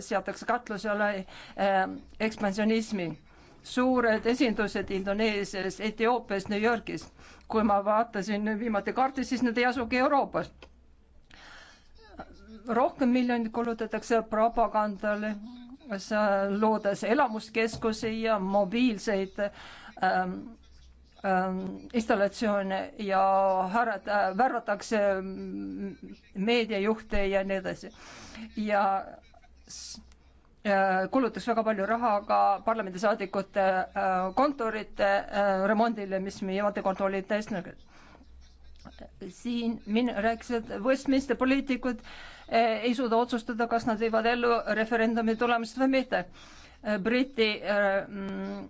seatakse katluse alla eh, ekspansionismi. suured esindused Indoneesias, Etioopias, New Yorgis. kui ma vaatasin viimati kaarti, siis nad ei asugi Euroopas. rohkem miljonit kulutatakse propagandale, loodes elamuskeskusi ja mobiilseid ähm, ähm installatsioone ja härrata, äh, värvatakse meediajuhte ja nii edasi. ja Äh, kulutas väga palju raha ka parlamendisaadikute äh, kontorite äh, remondile, mis meie vaatekonto oli täiesti nõrged. siin min-, rääkisid Westminsteri poliitikud ei suuda otsustada, kas nad viivad ellu referendumi tulemust või mitte. Briti äh, mm,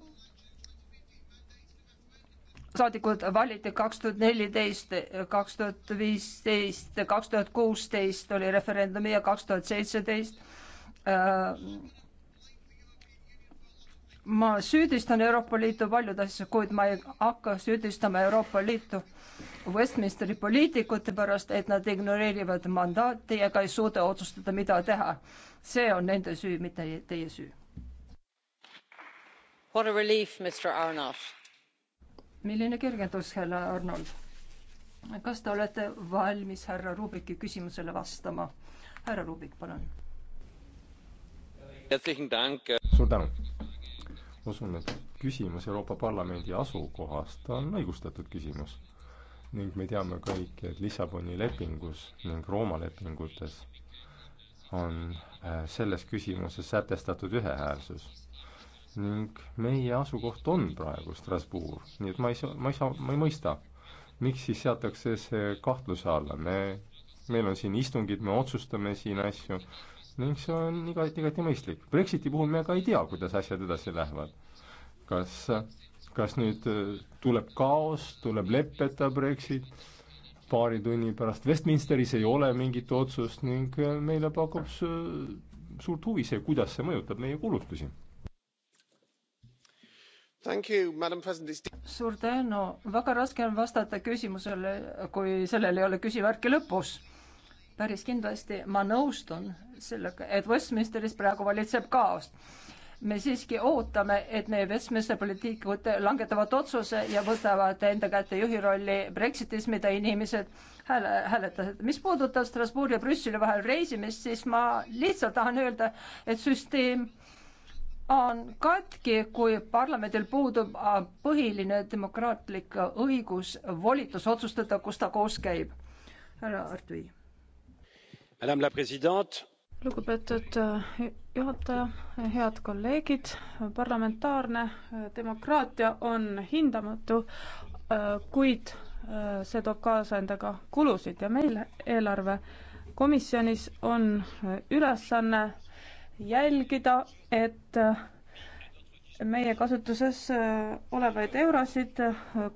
saadikud valiti kaks tuhat neliteist, kaks tuhat viisteist, kaks tuhat kuusteist oli referendumi ja kaks tuhat seitseteist Äh, ma süüdistan Euroopa Liitu paljude asjades, kuid ma ei hakka süüdistama Euroopa Liitu Westminsteri poliitikute pärast, et nad ignoreerivad mandaati ega ei suuda otsustada, mida teha. see on nende süü, mitte teie süü. What a relief, Mr Arnold. milline kergendus, härra Arnold. kas te olete valmis härra Rubiki küsimusele vastama? härra Rubik, palun suur tänu! usun, et küsimus Euroopa Parlamendi asukohast on õigustatud küsimus. ning me teame kõik, et Lissaboni lepingus ning Rooma lepingutes on äh, selles küsimuses sätestatud ühehäälsus. ning meie asukoht on praegu Strasbourg, nii et ma ei saa, ma ei saa, ma ei mõista, miks siis seatakse see kahtluse alla, me, meil on siin istungid, me otsustame siin asju ning see on igati, igati mõistlik. Brexiti puhul me ka ei tea, kuidas asjad edasi lähevad. kas, kas nüüd äh, tuleb kaos, tuleb leppeta Brexit, paari tunni pärast Westminsteris ei ole mingit otsust ning äh, meile pakub suurt huvi see, kuidas see mõjutab meie kulutusi suur tänu väga raske on vastata küsimusele kui sellel ei ole küsimärki lõpus päris kindlasti ma nõustun sellega, et Westminsteris praegu valitseb kaos. me siiski ootame, et meie Westminsteri poliitikud langetavad otsuse ja võtavad enda kätte juhi rolli Brexitis, mida inimesed hääle, hääletasid. mis puudutab Strasbourgi ja Brüsseli vahel reisimist, siis ma lihtsalt tahan öelda, et süsteem on katki, kui parlamendil puudub põhiline demokraatlik õigus, volitus otsustada, kus ta koos käib. härra Artvi lugupeetud eh, juhataja, eh, head kolleegid, eh, parlamentaarne demokraatia on hindamatu, kuid see toob kaasa endaga kulusid ja meil eelarvekomisjonis on ülesanne jälgida, et meie kasutuses olevaid eurosid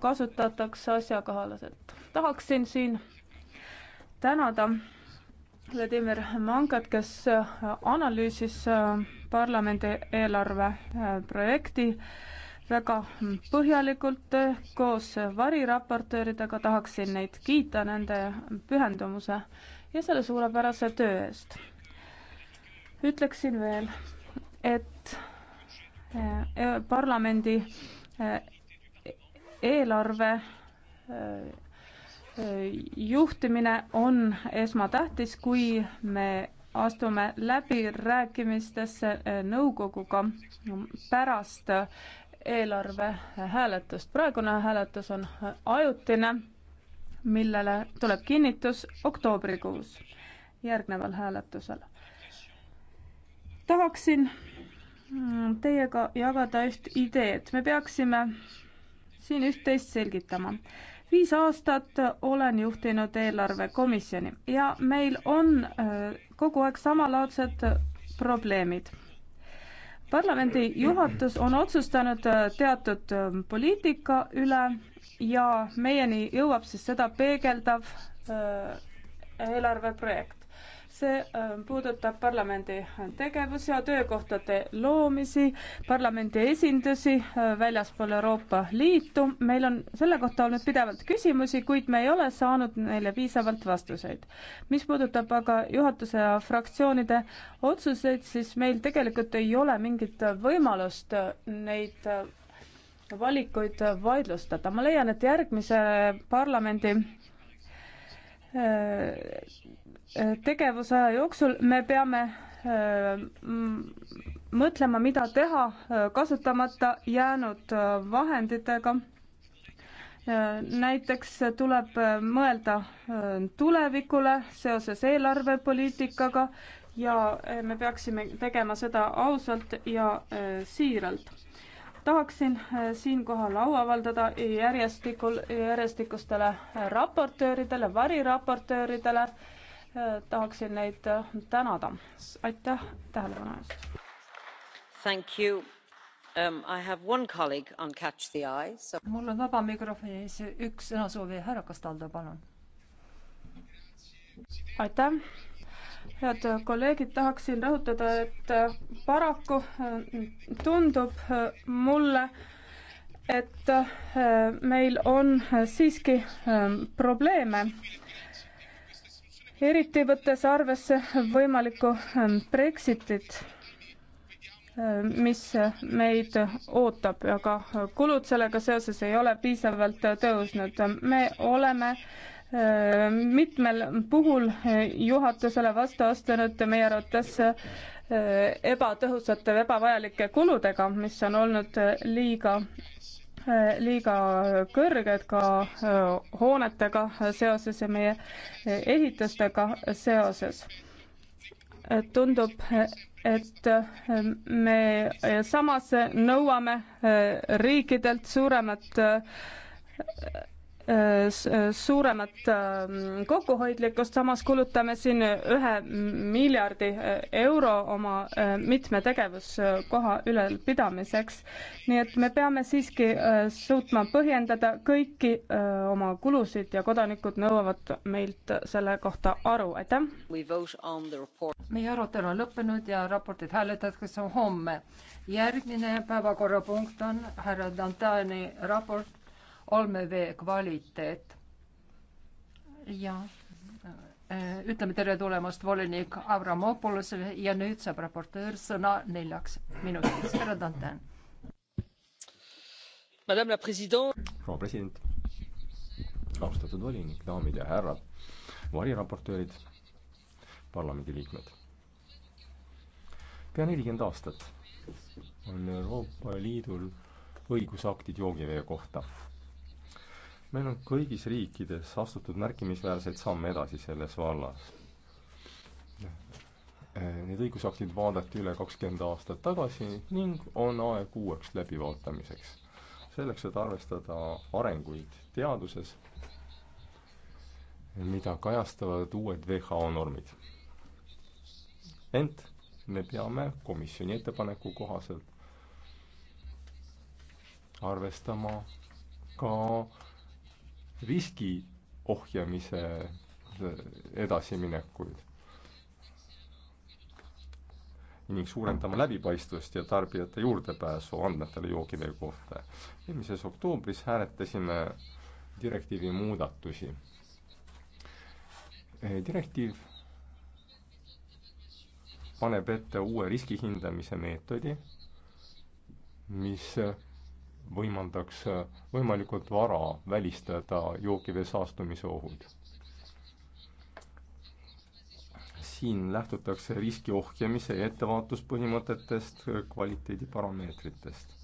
kasutatakse asjakohaselt. tahaksin siin tänada Vladimir Mangat, kes äh, analüüsis äh, parlamendi eelarve äh, projekti väga põhjalikult koos variraportööridega, tahaksin neid kiita nende pühendumuse ja selle suurepärase töö eest. ütleksin veel, et e-, parlamendi e-, eelarve juhtimine on esmatähtis, kui me astume läbirääkimistesse eh, nõukoguga pärast eelarve hääletust. praegune hääletus on ajutine, millele tuleb kinnitus oktoobrikuus järgneval hääletusel. tahaksin mm, teiega jagada üht ideed, me peaksime siin üht-teist selgitama viis aastat olen juhtinud eelarvekomisjoni ja meil on äh, kogu aeg samalaadsed probleemid. parlamendi juhatus on otsustanud äh, teatud äh, poliitika üle ja meieni jõuab siis seda peegeldav eelarveprojekt see äh, puudutab parlamendi tegevuse ja töökohtade loomisi, parlamendi esindusi äh, väljaspool Euroopa Liitu. meil on selle kohta olnud pidevalt küsimusi, kuid me ei ole saanud neile piisavalt vastuseid. mis puudutab aga juhatuse ja fraktsioonide otsuseid, siis meil tegelikult ei ole mingit võimalust äh, neid valikuid vaidlustada. ma leian, et järgmise parlamendi Äh, tegevusaja jooksul me peame äh, mõtlema, mida teha äh, kasutamata jäänud vahenditega. näiteks tuleb mõelda tulevikule seoses eelarvepoliitikaga ja me peaksime tegema seda ausalt ja siiralt. tahaksin siinkohal au avaldada järjestikul, järjestikustele raportööridele, variraportööridele tahaksin neid äh, tänada. aitäh tähelepanu eest! Um, so... mul on vaba mikrofonis üks sõnasoovija, härra Castaldo, palun. aitäh head kolleegid, tahaksin rõhutada, et äh, paraku äh, tundub mulle, et meil on siiski probleeme eriti võttes arvesse võimalikku ähm, Brexitit, äh, mis meid ootab, aga kulud sellega seoses ei ole piisavalt äh, tõusnud. me oleme äh, mitmel puhul juhatusele vastu astunud meie arvates ebatõhusate, ebavajalike kuludega, mis on olnud liiga Eh, liiga kõrged ka eh, hoonetega seoses ja meie eh, ehitustega seoses. tundub, et me samas nõuame riikidelt suuremat suuremat ähm, kokkuhoidlikkust, samas kulutame siin ühe miljardi äh, euro oma äh, mitme tegevuskoha ülalpidamiseks. nii et me peame siiski äh, suutma põhjendada kõiki oma kulusid ja kodanikud nõuavad meilt selle kohta aru, aitäh. meie arutelu on lõppenud ja raportit hääletatakse homme. järgmine päevakorrapunkt on härra Dantani raport olmevee kvaliteet. ja äh, ütleme tere tulemast volinik Avramopoulosele ja nüüd saab raportöör sõna neljaks minutiks. härra Dantin. proua president, austatud volinik, daamid ja härrad, variraportöörid, parlamendiliikmed. pea nelikümmend aastat on Euroopa Liidul õigusaktid joogivee kohta meil on kõigis riikides astutud märkimisväärseid samme edasi selles vallas. Need õigusaktid vaadati üle kakskümmend aastat tagasi ning on aeg uueks läbivaatamiseks. selleks, et arvestada arenguid teaduses, mida kajastavad uued WHO normid. ent me peame komisjoni ettepaneku kohaselt arvestama ka riski ohjamise edasiminekuid ning suurendama läbipaistvust ja tarbijate juurdepääsu andmetele joogivee kohta. eelmises oktoobris hääletasime direktiivi muudatusi. direktiiv paneb ette uue riskihindamise meetodi, mis võimaldaks äh, võimalikult vara välistada joogivee saastumise ohud. siin lähtutakse riski ohjamise ja ettevaatuspõhimõtetest, kvaliteediparameetritest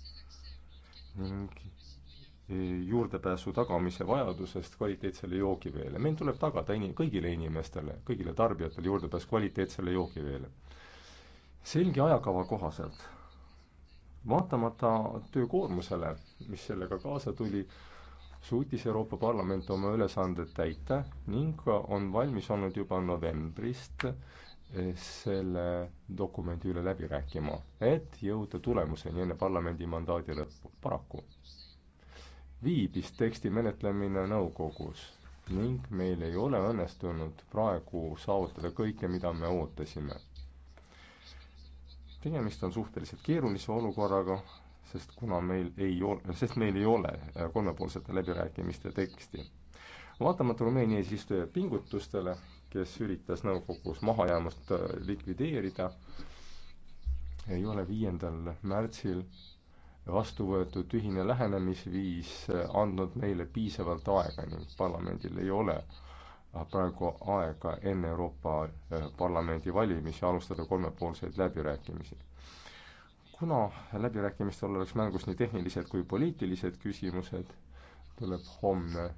ning e, juurdepääsu tagamise vajadusest kvaliteetsele joogiveele. meil tuleb tagada inim-, kõigile inimestele, kõigile tarbijatele juurdepääs kvaliteetsele joogiveele. selge ajakava kohaselt vaatamata töökoormusele, mis sellega kaasa tuli, suutis Euroopa Parlament oma ülesanded täita ning on valmis olnud juba novembrist eh, selle dokumendi üle läbi rääkima, et jõuda tulemuseni enne parlamendi mandaadi lõppu. paraku viibis teksti menetlemine nõukogus ning meil ei ole õnnestunud praegu saavutada kõike, mida me ootasime tegemist on suhteliselt keerulise olukorraga, sest kuna meil ei ole, sest meil ei ole äh, kolmepoolsete läbirääkimiste teksti. vaatamata Rumeenia eesistuja pingutustele, kes üritas nõukogus mahajäämust äh, likvideerida, ei ole viiendal märtsil vastu võetud ühine lähenemisviis äh, andnud meile piisavalt aega ning parlamendil ei ole praegu aega enne Euroopa eh, Parlamendi valimisi alustada kolmepoolseid läbirääkimisi. kuna läbirääkimistel oleks mängus nii tehnilised kui poliitilised küsimused, tuleb homme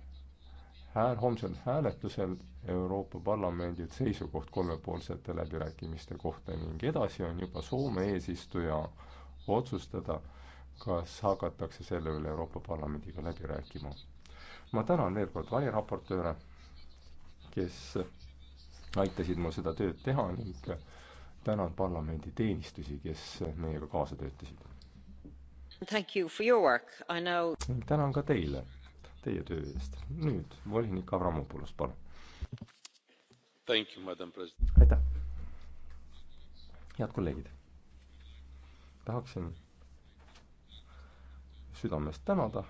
hääl, homsel hääletusel Euroopa Parlamendilt seisukoht kolmepoolsete läbirääkimiste kohta ning edasi on juba Soome eesistuja otsustada, kas hakatakse selle üle Euroopa Parlamendiga läbi rääkima. ma tänan veel kord variraportööre kes aitasid mul seda tööd teha ning tänan parlamendi teenistusi, kes meiega kaasa töötasid. Know... tänan ka teile, teie töö eest. nüüd volinik Avramopoulos, palun. aitäh. head kolleegid, tahaksin südamest tänada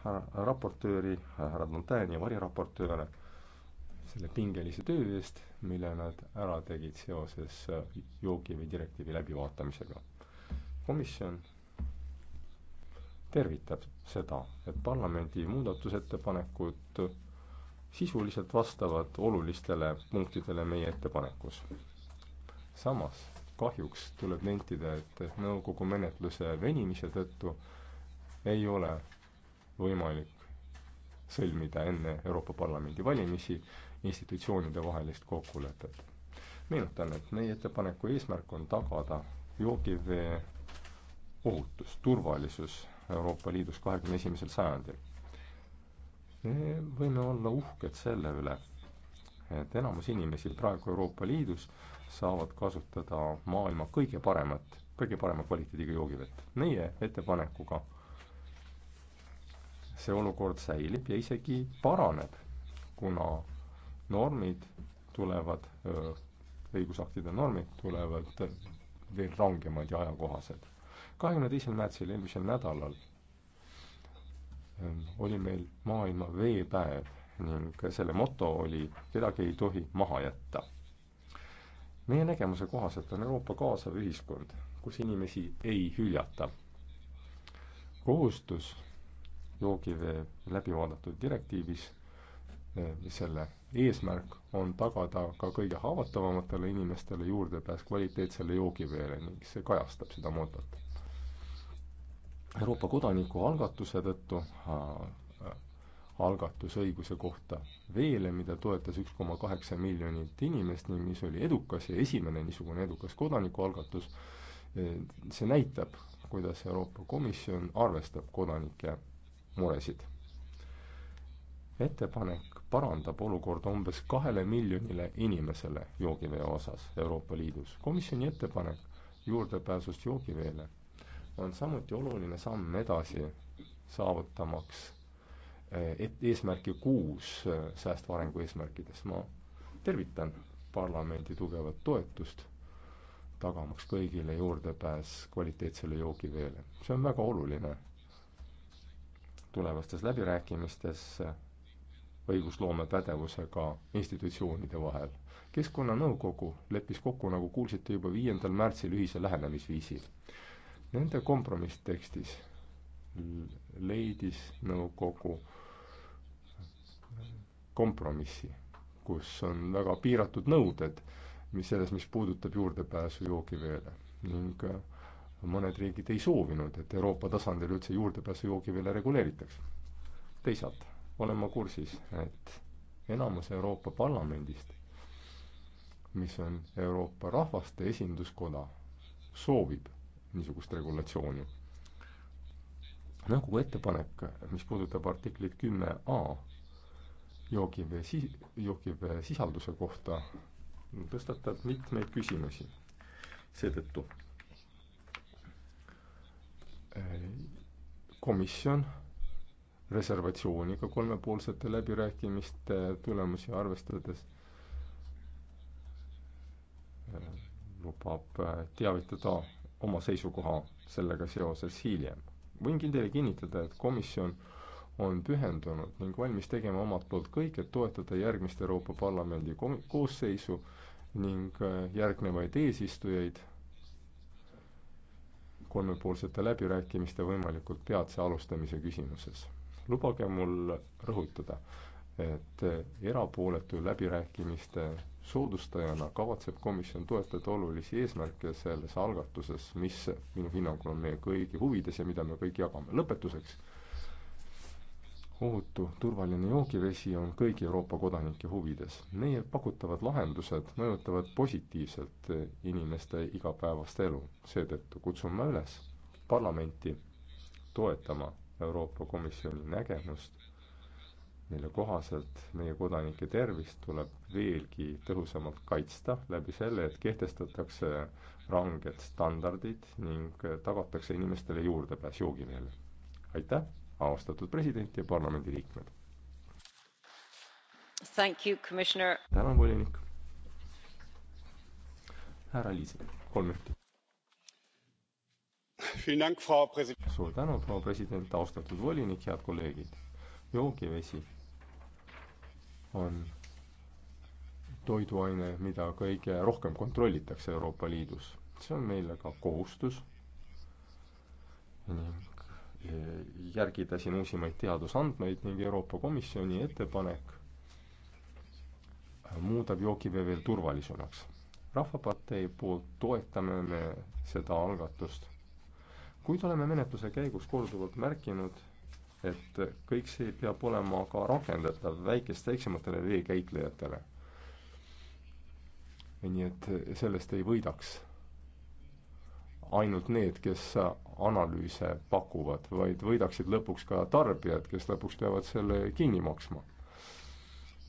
raportööri, härra Montaigne, variraportööre selle pingelise töö eest, mille nad ära tegid seoses äh, jookivee direktiivi läbivaatamisega. komisjon tervitab seda, et parlamendi muudatusettepanekud sisuliselt vastavad olulistele punktidele meie ettepanekus. samas kahjuks tuleb nentida, et nõukogu menetluse venimise tõttu ei ole võimalik sõlmida enne Euroopa Parlamendi valimisi institutsioonide vahelist kokkulepet. meenutan, et meie ettepaneku eesmärk on tagada joogivee ohutus, turvalisus Euroopa Liidus kahekümne esimesel sajandil. me võime olla uhked selle üle, et enamus inimesi praegu Euroopa Liidus saavad kasutada maailma kõige paremat, kõige parema kvaliteediga joogivett. meie ettepanekuga see olukord säilib ja isegi paraneb, kuna normid tulevad, õigusaktide normid tulevad veel rangemad ja ajakohased. kahekümne teisel märtsil, eelmisel nädalal oli meil maailma veepäev ning selle moto oli kedagi ei tohi maha jätta. meie nägemuse kohaselt on Euroopa kaasav ühiskond, kus inimesi ei hüljata. kohustus joogivee läbivaadatud direktiivis selle eesmärk on tagada ka kõige haavatavamatele inimestele juurdepääs kvaliteetsele joogiveele ning see kajastab seda mootot. Euroopa kodanikualgatuse tõttu äh, algatusõiguse kohta veele, mida toetas üks koma kaheksa miljonit inimest ning mis oli edukas ja esimene niisugune edukas kodanikualgatus, äh, see näitab, kuidas Euroopa Komisjon arvestab kodanike muresid. ettepanek parandab olukorda umbes kahele miljonile inimesele joogivee osas Euroopa Liidus. komisjoni ettepanek juurdepääsust joogiveele on samuti oluline samm edasi, saavutamaks eh, et eesmärki kuus eh, säästva arengu eesmärkides. ma tervitan parlamendi tugevat toetust, tagamaks kõigile juurdepääs kvaliteetsele joogiveele. see on väga oluline tulevastes läbirääkimistes eh, õigusloome pädevusega institutsioonide vahel. keskkonnanõukogu leppis kokku, nagu kuulsite, juba viiendal märtsil ühise lähenemisviisi. Nende kompromisstekstis leidis nõukogu kompromissi, kus on väga piiratud nõuded, mis selles, mis puudutab juurdepääsu joogiveele ning äh, mõned riigid ei soovinud, et Euroopa tasandil üldse juurdepääsu joogiveele reguleeritaks. teisalt olen ma kursis, et enamus Euroopa Parlamendist, mis on Euroopa rahvaste esinduskoda, soovib niisugust regulatsiooni. nõukogu ettepanek, mis puudutab artiklit kümme A joogivee si-, joogivee sisalduse kohta, tõstatab mitmeid küsimusi. seetõttu eh, komisjon reservatsiooniga kolmepoolsete läbirääkimiste tulemusi arvestades eh, lubab eh, teavitada oma seisukoha sellega seoses hiljem. võin teile kinnitada, et komisjon on pühendunud ning valmis tegema omalt poolt kõik, et toetada järgmist Euroopa Parlamendi kom-, koosseisu ning eh, järgnevaid eesistujaid kolmepoolsete läbirääkimiste võimalikult peatse alustamise küsimuses lubage mul rõhutada, et eh, erapooletu läbirääkimiste soodustajana kavatseb komisjon toetada olulisi eesmärke selles algatuses, mis minu hinnangul on meie kõigi huvides ja mida me kõik jagame. lõpetuseks, ohutu turvaline joogivesi on kõigi Euroopa kodanike huvides. meie pakutavad lahendused mõjutavad positiivselt eh, inimeste igapäevast elu, seetõttu kutsun ma üles parlamenti toetama Euroopa Komisjoni nägemust, mille kohaselt meie kodanike tervist tuleb veelgi tõhusamalt kaitsta läbi selle, et kehtestatakse ranged standardid ning tagatakse inimestele juurdepääs joogiveele. aitäh, austatud president ja parlamendiliikmed! tänan, volinik! härra Liising, kolm minutit suur tänu, proua president, austatud volinik, head kolleegid. joogivesi on toiduaine, mida kõige rohkem kontrollitakse Euroopa Liidus. see on meile ka kohustus ning eh, järgida siin uusimaid teadusandmeid ning Euroopa Komisjoni ettepanek eh, muudab joogivee veel turvalisemaks. rahvapartei poolt toetame me seda algatust kuid oleme menetluse käigus korduvalt märkinud, et kõik see peab olema ka rakendatav väikest, väiksematele veekäitlejatele. nii et sellest ei võidaks ainult need, kes analüüse pakuvad, vaid võidaksid lõpuks ka tarbijad, kes lõpuks peavad selle kinni maksma.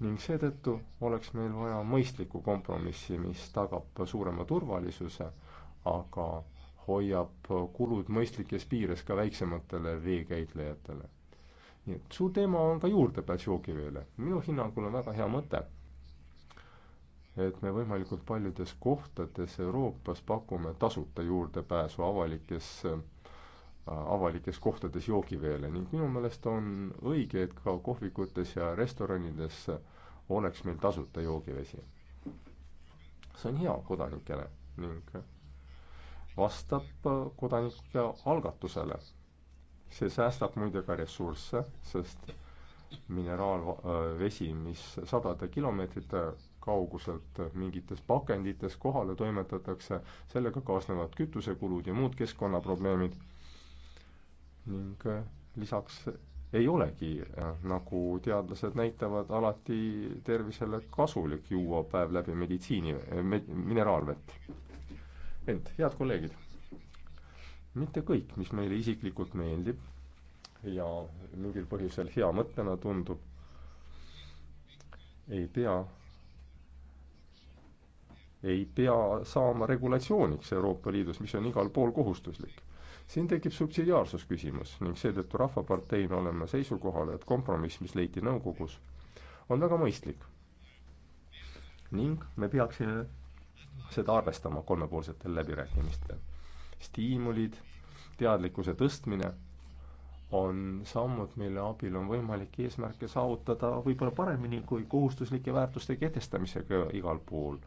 ning seetõttu oleks meil vaja mõistlikku kompromissi, mis tagab suurema turvalisuse, aga hoiab kulud mõistlikes piires ka väiksematele veekäitlejatele. nii et suur teema on ka juurdepääs joogiveele. minu hinnangul on väga hea mõte, et me võimalikult paljudes kohtades Euroopas pakume tasuta juurdepääsu avalikes avalikes kohtades joogiveele ning minu meelest on õige, et ka kohvikutes ja restoranides oleks meil tasuta joogivesi. see on hea kodanikele ning vastab äh, kodanike algatusele. see säästab muide ka ressursse, sest mineraalvesi, äh, mis sadade kilomeetrite kauguselt mingites pakendites kohale toimetatakse, sellega kaasnevad kütusekulud ja muud keskkonnaprobleemid. ning äh, lisaks ei olegi, nagu teadlased näitavad, alati tervisele kasulik juua päev läbi meditsiini med,, mineraalvett ent, head kolleegid, mitte kõik, mis meile isiklikult meeldib ja mingil põhjusel hea mõttena tundub, ei pea, ei pea saama regulatsiooniks Euroopa Liidus, mis on igal pool kohustuslik. siin tekib subsidiaarsusküsimus ning seetõttu Rahvaparteina oleme seisukohal, et kompromiss, mis leiti nõukogus, on väga mõistlik. ning me peaksime seda arvestama kolmepoolsetel läbirääkimistel. stiimulid, teadlikkuse tõstmine on sammud, mille abil on võimalik eesmärke saavutada võib-olla paremini kui kohustuslike väärtuste kehtestamisega igal pool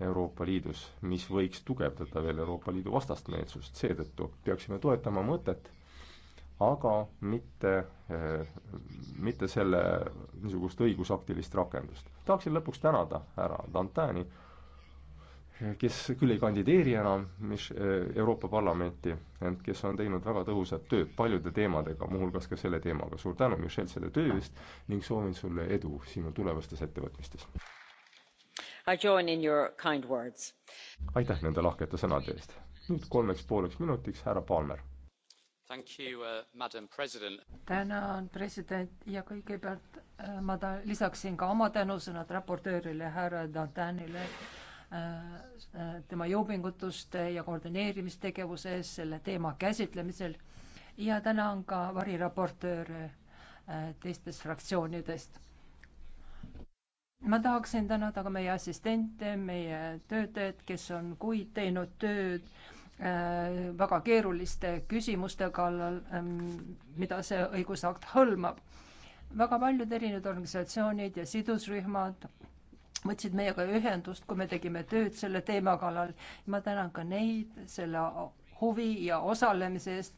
Euroopa Liidus, mis võiks tugevdada veel Euroopa Liidu vastast meelsust, seetõttu peaksime toetama mõtet, aga mitte, eh, mitte selle niisugust õigusaktilist rakendust. tahaksin lõpuks tänada härra Dantani kes küll ei kandideeri enam, mis äh, Euroopa Parlamenti, ent kes on teinud väga tõhusat tööd paljude teemadega, muuhulgas ka selle teemaga. suur tänu, Michelle, selle töö eest ning soovin sulle edu sinu tulevastes ettevõtmistes. aitäh nende lahkete sõnade eest. nüüd kolmeks pooleks minutiks härra Palmer. Uh, tänan, president, ja kõigepealt äh, ma ta-, lisaksin ka oma tänusõnad raportöörile härra Dantanile Äh, tema jõupingutuste ja koordineerimistegevuses selle teema käsitlemisel ja täna on ka variraportööre äh, teistest fraktsioonidest. ma tahaksin tänada ka meie assistente, meie töötajad, kes on kuid teinud tööd äh, väga keeruliste küsimuste kallal, ähm, mida see õigusakt hõlmab. väga paljud erinevad organisatsioonid ja sidusrühmad võtsid meiega ühendust, kui me tegime tööd selle teema kallal. ma tänan ka neid selle huvi ja osalemise eest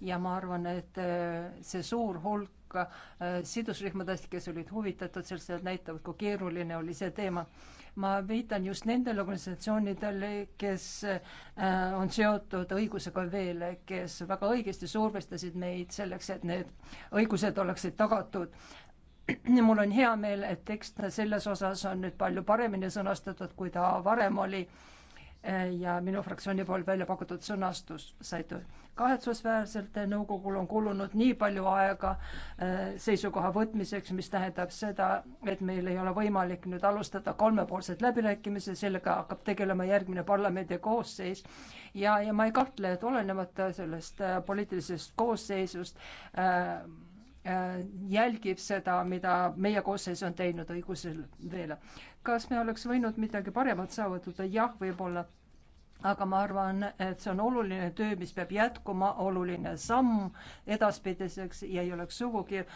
ja ma arvan, et äh, see suur hulk äh, sidusrühmadest, kes olid huvitatud sellest, näitavad, kui keeruline oli see teema. ma viitan just nendele organisatsioonidele, kes äh, on seotud õigusega veel, kes väga õigesti survestasid meid selleks, et need õigused oleksid tagatud mul on hea meel, et tekst selles osas on nüüd palju paremini sõnastatud, kui ta varem oli. ja minu fraktsiooni poolt välja pakutud sõnastus sai kahetsusväärselt nõukogul on kulunud nii palju aega äh, seisukoha võtmiseks, mis tähendab seda, et meil ei ole võimalik nüüd alustada kolmepoolseid läbirääkimisi, sellega hakkab tegelema järgmine parlamendi koosseis ja, ja ma ei kahtle, et olenemata sellest äh, poliitilisest koosseisust äh, jälgib seda, mida meie koosseis on teinud õigusel veel. kas me oleks võinud midagi paremat saavutada? jah, võib-olla aga ma arvan, et see on oluline töö, mis peab jätkuma, oluline samm edaspidiseks ja ei oleks sugugi äh,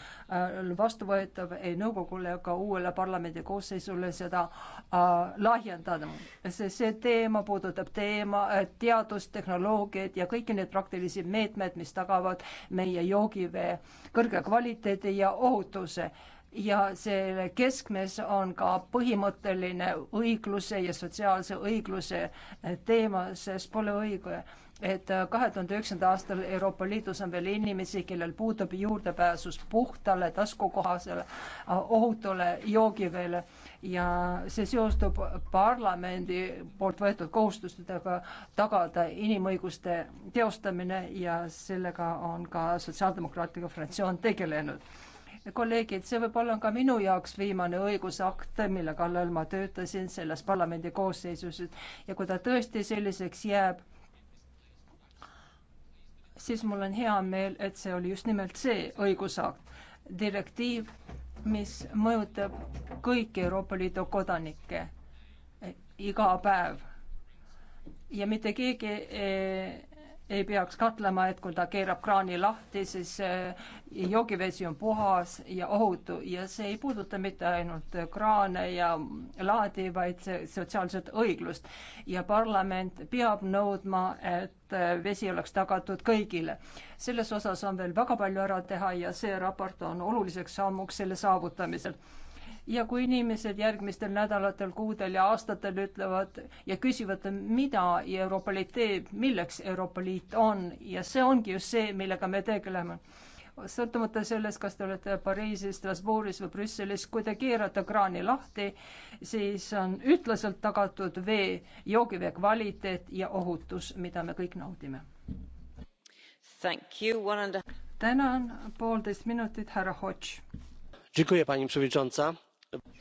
vastuvõetav ei nõukogule ega uuele parlamendi koosseisule seda äh, lahjendada. sest see teema puudutab teema, äh, teadustehnoloogiaid ja kõiki neid praktilisi meetmeid, mis tagavad meie joogivee kõrge kvaliteedi ja ohutuse ja selle keskmes on ka põhimõtteline õigluse ja sotsiaalse õigluse eh, teema, sest pole õige, et eh, kahe tuhande üheksanda aastal Euroopa Liidus on veel inimesi, kellel puudub juurdepääsus puhtale, taskukohasele, eh, ohutule joogiveele ja see seostub parlamendi poolt võetud kohustustega tagada inimõiguste teostamine ja sellega on ka Sotsiaaldemokraatliku fraktsioon tegelenud kolleegid, see võib olla ka minu jaoks viimane õigusakt, mille kallal ma töötasin selles parlamendi koosseisus ja kui ta tõesti selliseks jääb, siis mul on hea meel, et see oli just nimelt see õigusakt, direktiiv, mis mõjutab kõiki Euroopa Liidu kodanikke eh, iga päev. ja mitte keegi ei eh, ei peaks katlema, et kui ta keerab kraani lahti, siis eh, joogivesi on puhas ja ohutu ja see ei puuduta mitte ainult kraane ja laadi, vaid sotsiaalset õiglust. ja parlament peab nõudma, et eh, vesi oleks tagatud kõigile. selles osas on veel väga palju ära teha ja see raport on oluliseks sammuks selle saavutamisel ja kui inimesed järgmistel nädalatel, kuudel ja aastatel ütlevad ja küsivad, mida Euroopa Liit teeb, milleks Euroopa Liit on ja see ongi just see, millega me tegeleme sõltumata sellest, kas te olete Pariisis, Strasbourgis või Brüsselis, kui te keerate kraani lahti, siis on ütlaselt tagatud vee, joogivee kvaliteet ja ohutus, mida me kõik naudime. tänan, poolteist minutit, härra Hodž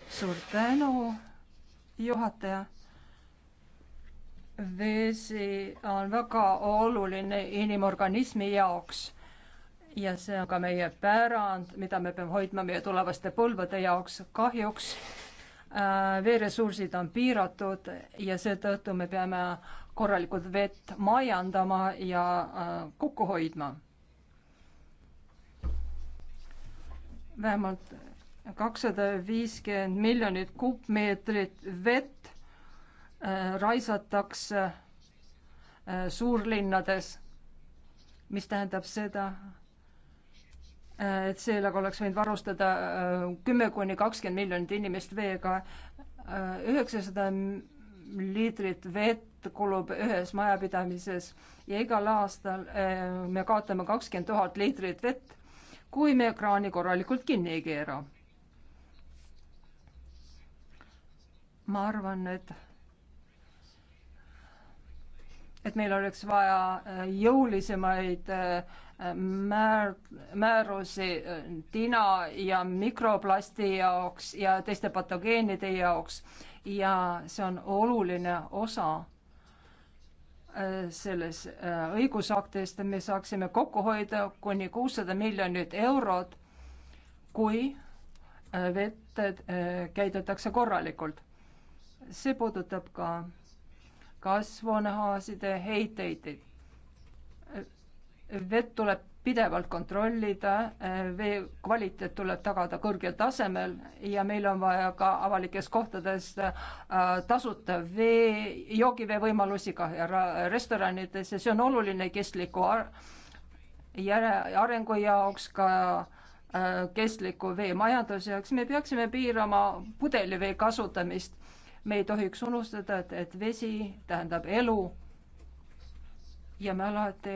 suur tänu, juhataja. vesi on väga oluline inimorganismi jaoks ja see on ka meie pärand, mida me peame hoidma meie tulevaste põlvede jaoks. kahjuks äh, veeressursid on piiratud ja seetõttu me peame korralikult vett majandama ja äh, kokku hoidma. vähemalt kakssada viiskümmend miljonit kuupmeetrit vett äh, raisatakse äh, suurlinnades, mis tähendab seda, äh, et sellega oleks võinud varustada kümme kuni kakskümmend miljonit inimest veega. üheksasada liitrit vett kulub ühes majapidamises ja igal aastal me kaotame kakskümmend tuhat liitrit vett, kui me kraani korralikult kinni ei keera ma arvan, et et meil oleks vaja äh, jõulisemaid äh, määr, määrusi äh, tina- ja mikroplasti jaoks ja teiste patogeenide jaoks ja see on oluline osa selles õigusaktist, me saaksime kokku hoida kuni kuussada miljonit eurot, kui vetted käidetakse korralikult see puudutab ka kasvuhoonegaaside heiteid. vett tuleb pidevalt kontrollida, vee kvaliteet tuleb tagada kõrgel tasemel ja meil on vaja ka avalikes kohtades äh, tasuta vee, joogivee võimalusi ka restoranides ja see on oluline kestliku järe, arengu jaoks ka äh, kestliku veemajanduse jaoks, me peaksime piirama pudelivee kasutamist me ei tohiks unustada, et, et vesi tähendab elu. ja me alati,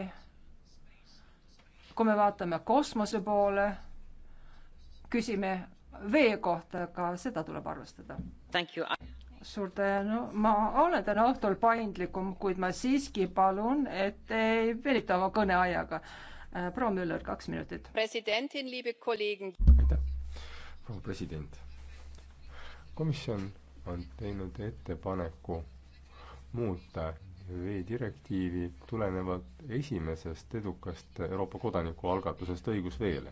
kui me vaatame kosmose poole, küsime vee kohta, ka seda tuleb arvestada. suur tänu, ma olen täna õhtul paindlikum, kuid ma siiski palun, et ei venita oma kõneajaga. Äh, proua Müller, kaks minutit. aitäh, proua president. komisjon on teinud ettepaneku muuta veedirektiivi tulenevalt esimesest edukast Euroopa kodanikualgatusest õigusveele.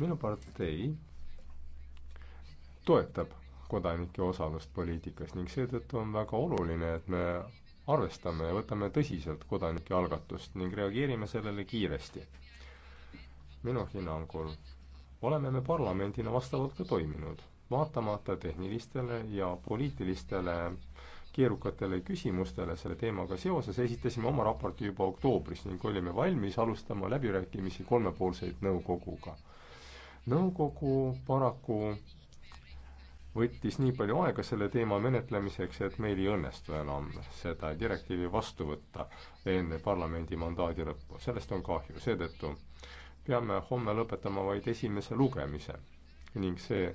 minu partei toetab kodanike osalust poliitikas ning seetõttu on väga oluline, et me arvestame ja võtame tõsiselt kodanike algatust ning reageerime sellele kiiresti. minu hinnangul oleme me parlamendina vastavalt ka toiminud vaatamata tehnilistele ja poliitilistele keerukatele küsimustele selle teemaga seoses esitasime oma raporti juba oktoobris ning olime valmis alustama läbirääkimisi kolmepoolseid nõukoguga. nõukogu paraku võttis nii palju aega selle teema menetlemiseks, et meil ei õnnestu enam seda direktiivi vastu võtta enne parlamendi mandaadi lõppu. sellest on kahju, seetõttu peame homme lõpetama vaid esimese lugemise ning see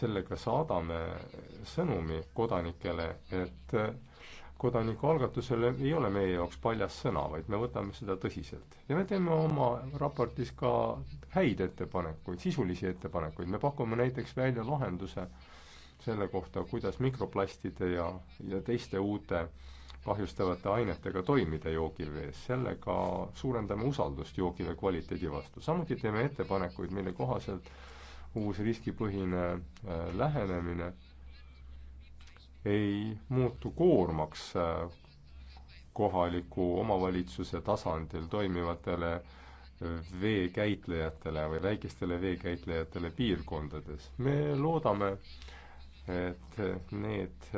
sellega saadame sõnumi kodanikele, et kodanikualgatusele ei ole meie jaoks paljas sõna, vaid me võtame seda tõsiselt. ja me teeme oma raportis ka häid ettepanekuid, sisulisi ettepanekuid, me pakume näiteks välja lahenduse selle kohta, kuidas mikroplastide ja, ja teiste uute kahjustavate ainetega toimida joogivees, sellega suurendame usaldust joogivee kvaliteedi vastu. samuti teeme ettepanekuid, mille kohaselt uus riskipõhine äh, lähenemine ei muutu koormaks äh, kohaliku omavalitsuse tasandil toimivatele äh, veekäitlejatele või väikestele veekäitlejatele piirkondades. me loodame, et need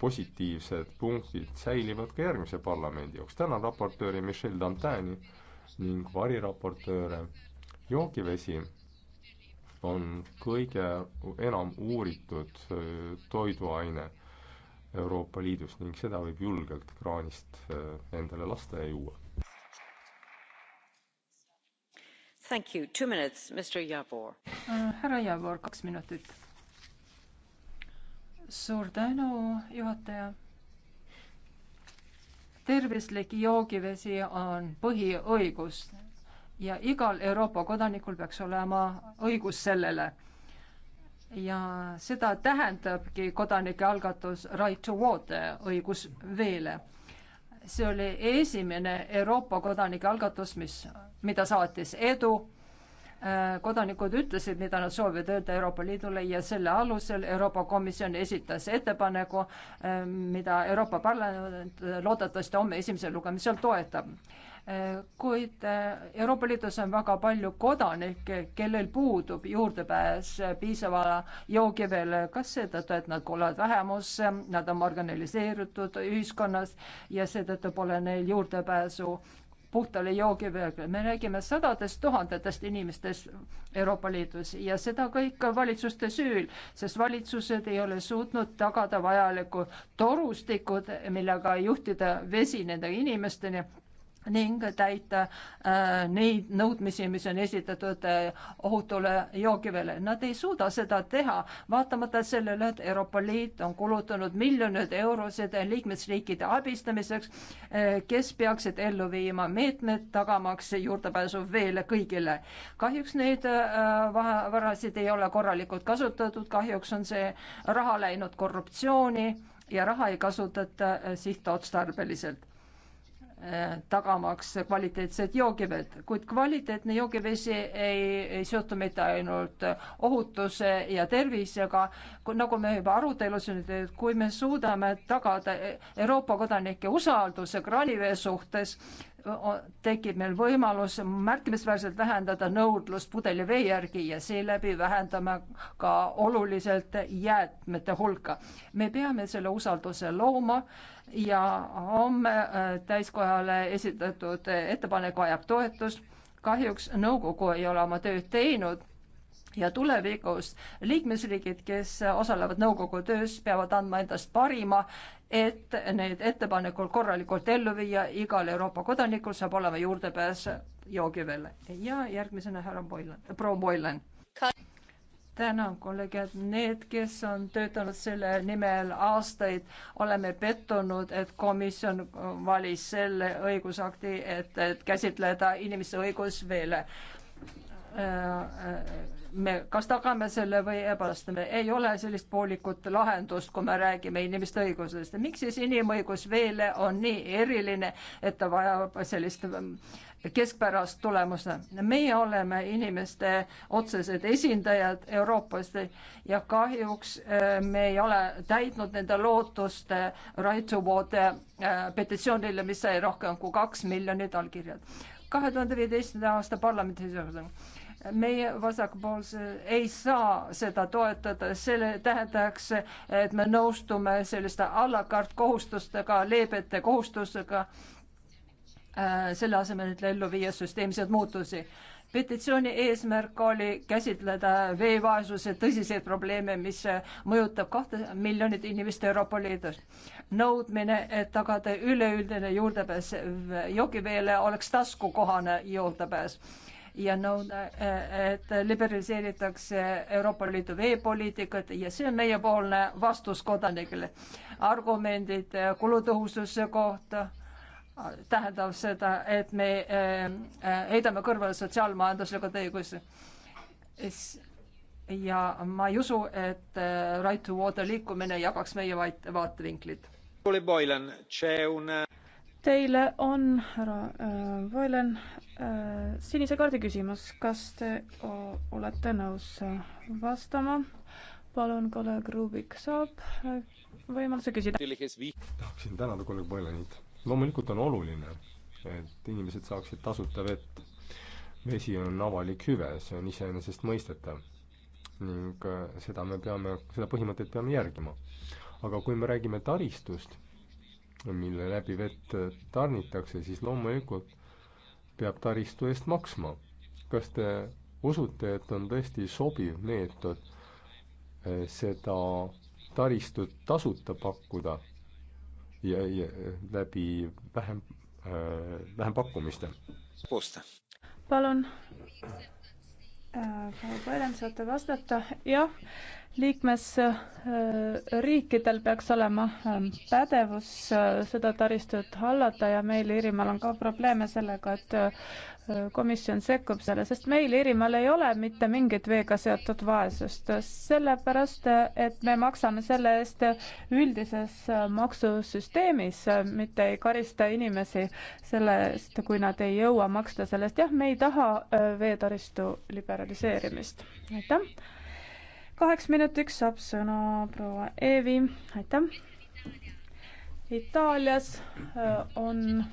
positiivsed punktid säilivad ka järgmise parlamendi jaoks. tänan raportööri Michel Dantani ning variraportööre Joogivesi on kõige enam uuritud äh, toiduaine Euroopa Liidus ning seda võib julgelt kraanist äh, endale lasta ja juua. Äh, härra Javor, kaks minutit. suur tänu, juhataja tervislik joogivesi on põhiõigus ja igal Euroopa kodanikul peaks olema õigus sellele. ja seda tähendabki kodanike algatus Right to Water, õigus veele. see oli esimene Euroopa kodanike algatus, mis, mida saatis edu. Äh, kodanikud ütlesid, mida nad soovivad öelda Euroopa Liidule ja selle alusel Euroopa Komisjon esitas ettepaneku, äh, mida Euroopa Parlament loodetavasti homme esimesel lugemisel toetab kuid äh, Euroopa Liidus on väga palju kodanikke, kellel puudub juurdepääs piisavale joogivele, kas seetõttu, et nad kuuluvad vähemusse, nad on marginaliseeritud ühiskonnas ja seetõttu pole neil juurdepääsu puhtale joogiveele. me räägime sadadest tuhandetest inimestest Euroopa Liidus ja seda kõik valitsuste süül, sest valitsused ei ole suutnud tagada vajalikku torustikud, millega juhtida vesi nende inimesteni ning täita äh, neid nõudmisi, mis on esitatud äh, ohutule joogivele. Nad ei suuda seda teha, vaatamata sellele, et Euroopa Liit on kulutanud miljoneid eurosid liikmesriikide abistamiseks äh,, kes peaksid ellu viima meetmed, tagamaks juurdepääsu veele kõigile. kahjuks neid äh, varasid ei ole korralikult kasutatud, kahjuks on see raha läinud korruptsiooni ja raha ei kasutata äh, sihtotstarbeliselt tagamaks kvaliteetset joogivett, kuid kvaliteetne joogivesi ei, ei seotu mitte ainult ohutuse ja tervisega, nagu me juba arutelus, kui me suudame tagada Euroopa kodanike usalduse kraanivee suhtes, tekib meil võimalus märkimisväärselt vähendada nõudlust pudelivee järgi ja seeläbi vähendame ka oluliselt jäätmete hulka. me peame selle usalduse looma ja homme äh, täiskojale esitatud ettepanek vajab toetust. kahjuks nõukogu ei ole oma tööd teinud ja tulevikus liikmesriigid, kes osalevad nõukogu töös, peavad andma endast parima, et need ettepanekud korralikult ellu viia, igal Euroopa kodanikul saab olema juurdepääs joogivele. ja järgmisena härra Boylan, proua Boylan tänan, kolleegid, need, kes on töötanud selle nimel aastaid, oleme pettunud, et komisjon valis selle õigusakti, et, et käsitleda inimeste õigus veel äh, äh, me kas tagame selle või ebalastame, ei ole sellist poolikut lahendust, kui me räägime inimeste õigusest ja miks siis inimõigus veele on nii eriline, et ta vajab sellist keskpärast tulemusena. meie oleme inimeste otsesed esindajad Euroopas ja kahjuks äh, me ei ole täitnud nende lootust Right äh, to Water petitsioonile, mis sai rohkem kui kaks miljonit allkirjad. kahe tuhande viieteistkümnenda aasta parlamendi meie vasakpoolse ei saa seda toetada, selle tähendaks, et me nõustume selliste a la carte kohustustega, leebete kohustustega Äh, selle asemel, et ellu viia süsteemseid muutusi. petitsiooni eesmärk oli käsitleda veevaesuse tõsiseid probleeme, mis äh, mõjutab kahte miljonit inimest Euroopa Liidus. nõudmine, et tagada üleüldine juurdepääs joogiveele, oleks taskukohane juurdepääs ja nõuda, äh, et liberaliseeritakse Euroopa Liidu veepoliitikat ja see on meiepoolne vastus kodanikele. argumendid kulutõhususe kohta tähendab seda, et me äh, heidame kõrvale sotsiaalmajanduslikud õigused. ja ma ei usu, et äh, Right to Water liikumine jagaks meie vaatevinklit. Äh, Teile on, härra Voilen, sinise kaardi küsimus, kas te olete nõus vastama? palun, kolleeg Rubik saab võimaluse küsida. tahaksin tänada kolleeg Voilenit loomulikult on oluline, et inimesed saaksid tasuta vett. vesi on avalik hüve, see on iseenesestmõistetav. ning äh, seda me peame, seda põhimõtet peame järgima. aga kui me räägime taristust, mille läbi vett äh, tarnitakse, siis loomulikult peab taristu eest maksma. kas te usute, et on tõesti sobiv meetod äh, seda taristut tasuta pakkuda ja, ja läbi vähem äh,, vähempakkumiste. palun äh,. proua Peren, saate vastata, jah liikmesriikidel äh, peaks olema ähm, pädevus äh, seda taristut hallata ja meil Iirimaal on ka probleeme sellega, et äh, komisjon sekkub selle, sest meil Iirimaal ei ole mitte mingit veega seotud vaesust, sellepärast et me maksame selle eest üldises maksusüsteemis, mitte ei karista inimesi selle eest, kui nad ei jõua maksta selle eest. jah, me ei taha äh, veetaristu liberaliseerimist. aitäh. kaheks minutiks saab sõna proua Eevi, aitäh. Itaalias äh, on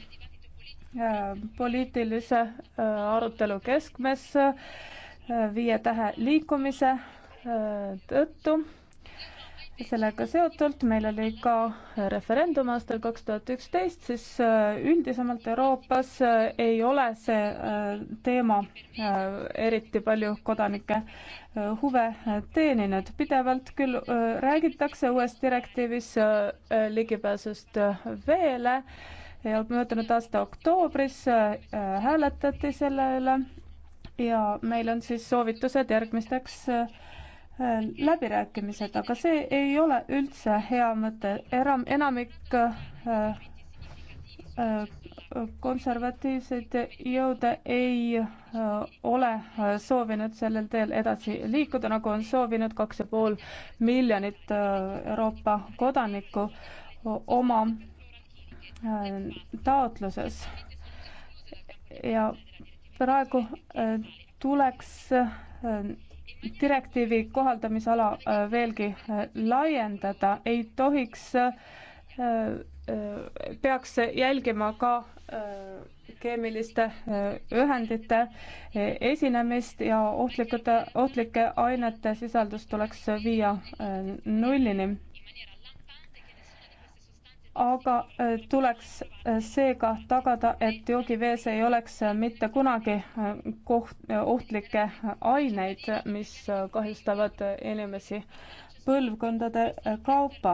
Äh, poliitilise äh, arutelu keskmesse äh, viie tähe liikumise tõttu. sellega seotult meil oli ka referendum aastal kaks tuhat üksteist, siis üldisemalt Euroopas ei ole see teema eriti palju kodanike huve teeninud. pidevalt küll räägitakse uues direktiivis ligipääsust veele ja möödunud aasta oktoobris äh, hääletati selle üle ja meil on siis soovitused järgmisteks äh, läbirääkimised, aga see ei ole üldse hea mõte, era-, enamik äh, konservatiivseid jõude ei ole soovinud sellel teel edasi liikuda, nagu on soovinud kaks ja pool miljonit Euroopa kodanikku oma Äh, taotluses. ja praegu äh, tuleks äh, direktiivi kohaldamisala veelgi laiendada, ei tohiks, peaks jälgima ka keemiliste ühendite esinemist ja ohtlikud, ohtlike ainete sisaldus tuleks viia nullini aga äh, tuleks äh, seega tagada, et joogivees ei oleks äh, mitte kunagi koht, ohtlikke aineid, mis kahjustavad inimesi põlvkondade kaupa.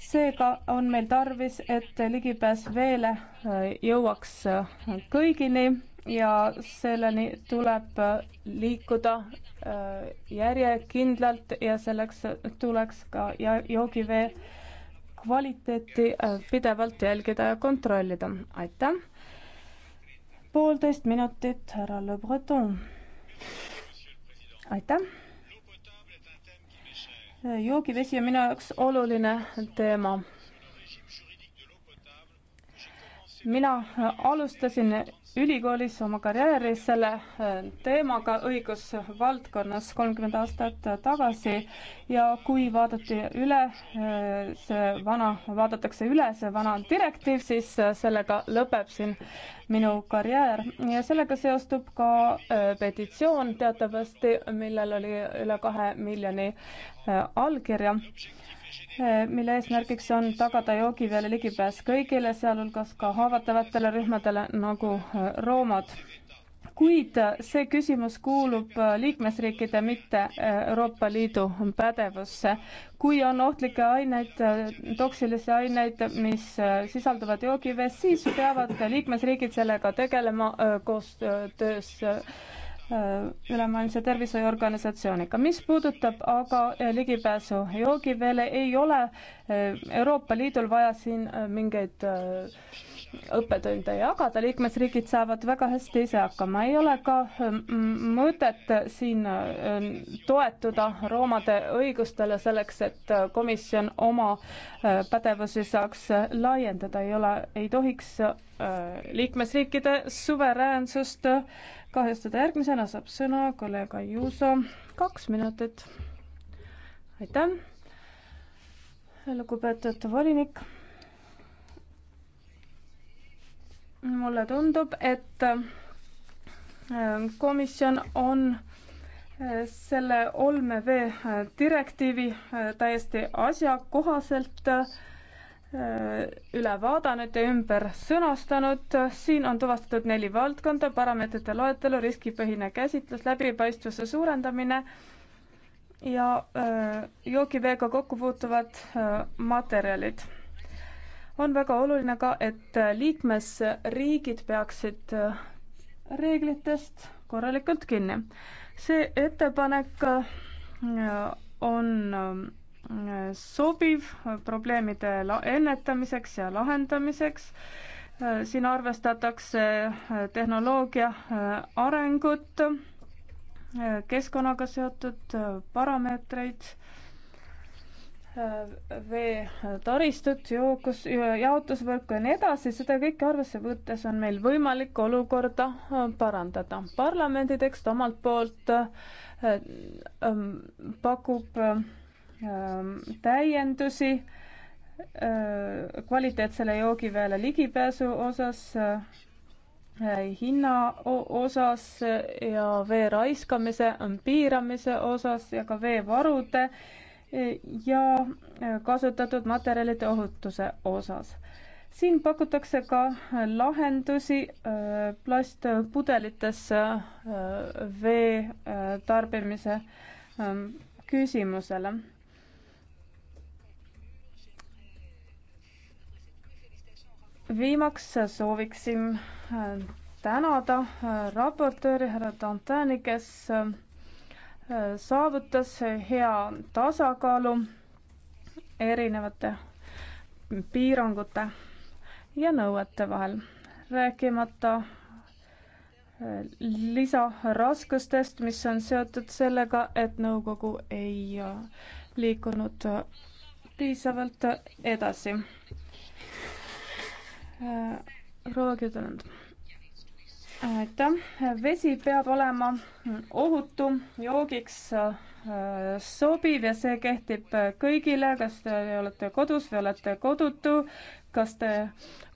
seega on meil tarvis, et ligipääs veele jõuaks kõigini ja selleni tuleb liikuda järjekindlalt ja selleks tuleks ka joogivee kvaliteeti äh, pidevalt jälgida ja kontrollida. aitäh! poolteist minutit, härra Le Breton. aitäh! joogivesi on minu jaoks oluline teema. mina alustasin ülikoolis oma karjääris selle äh, teemaga õigusvaldkonnas kolmkümmend aastat tagasi ja kui vaadati üle äh, see vana, vaadatakse üle see vana direktiiv, siis äh, sellega lõpeb siin minu karjäär ja sellega seostub ka petitsioon teatavasti, millel oli üle kahe miljoni allkirja Eh, mille eesmärgiks on tagada joogiveele ligipääs kõigile, sealhulgas ka haavatavatele rühmadele nagu eh, roomad. kuid eh, see küsimus kuulub liikmesriikide, mitte Euroopa Liidu pädevusse. kui on ohtlikke aineid, toksilisi aineid, mis sisalduvad joogivees, siis peavad liikmesriigid sellega tegelema koostöös Äh, ülemaailmse tervishoiuorganisatsiooniga. mis puudutab aga äh, ligipääsu joogivele, ei ole äh, Euroopa Liidul vaja siin mingeid õppetunde jagada, liikmesriigid saavad väga hästi ise hakkama, ei ole ka mõtet siin toetuda roomade õigustele selleks, et komisjon oma pädevusi saaks laiendada, ei ole, ei tohiks liikmesriikide suveräänsust kahjustada. järgmisena saab sõna kolleeg Ajuso, kaks minutit. aitäh, lugupeetud volinik. mulle tundub, et äh, komisjon on äh, selle olmevee äh, direktiivi täiesti asjakohaselt äh, Äh, üle vaadanud ja ümber sõnastanud. siin on tuvastatud neli valdkonda, parameetrite loetelu, riskipõhine käsitlus, läbipaistvuse suurendamine ja äh, joogiveega kokku puutuvad äh, materjalid. on väga oluline ka, et liikmesriigid peaksid reeglitest korralikult kinni. see ettepanek on sobiv probleemide ennetamiseks ja lahendamiseks. siin arvestatakse äh, tehnoloogia äh, arengut, äh, keskkonnaga seotud parameetreid, veetaristut, jookus, jaotusvõrku ja nii edasi, seda kõike arvesse võttes on meil võimalik olukorda parandada. parlamendi tekst omalt poolt pakub äh, Ähm, täiendusi äh, kvaliteetsele joogiveele ligipääsu osas, äh, hinna osas äh, ja vee raiskamise piiramise osas ja ka veevarude ja kasutatud materjalide ohutuse osas. siin pakutakse ka lahendusi plastpudelites vee tarbimise küsimusele viimaks sooviksin äh, tänada äh, raportööri härra Dantani, kes äh, saavutas hea tasakaalu erinevate piirangute ja nõuete vahel, rääkimata lisaraskustest, mis on seotud sellega, et nõukogu ei liikunud piisavalt edasi Äh, proua Kütland. aitäh, vesi peab olema ohutu joogiks äh, sobiv ja see kehtib kõigile, kas te olete kodus või olete kodutu, kas te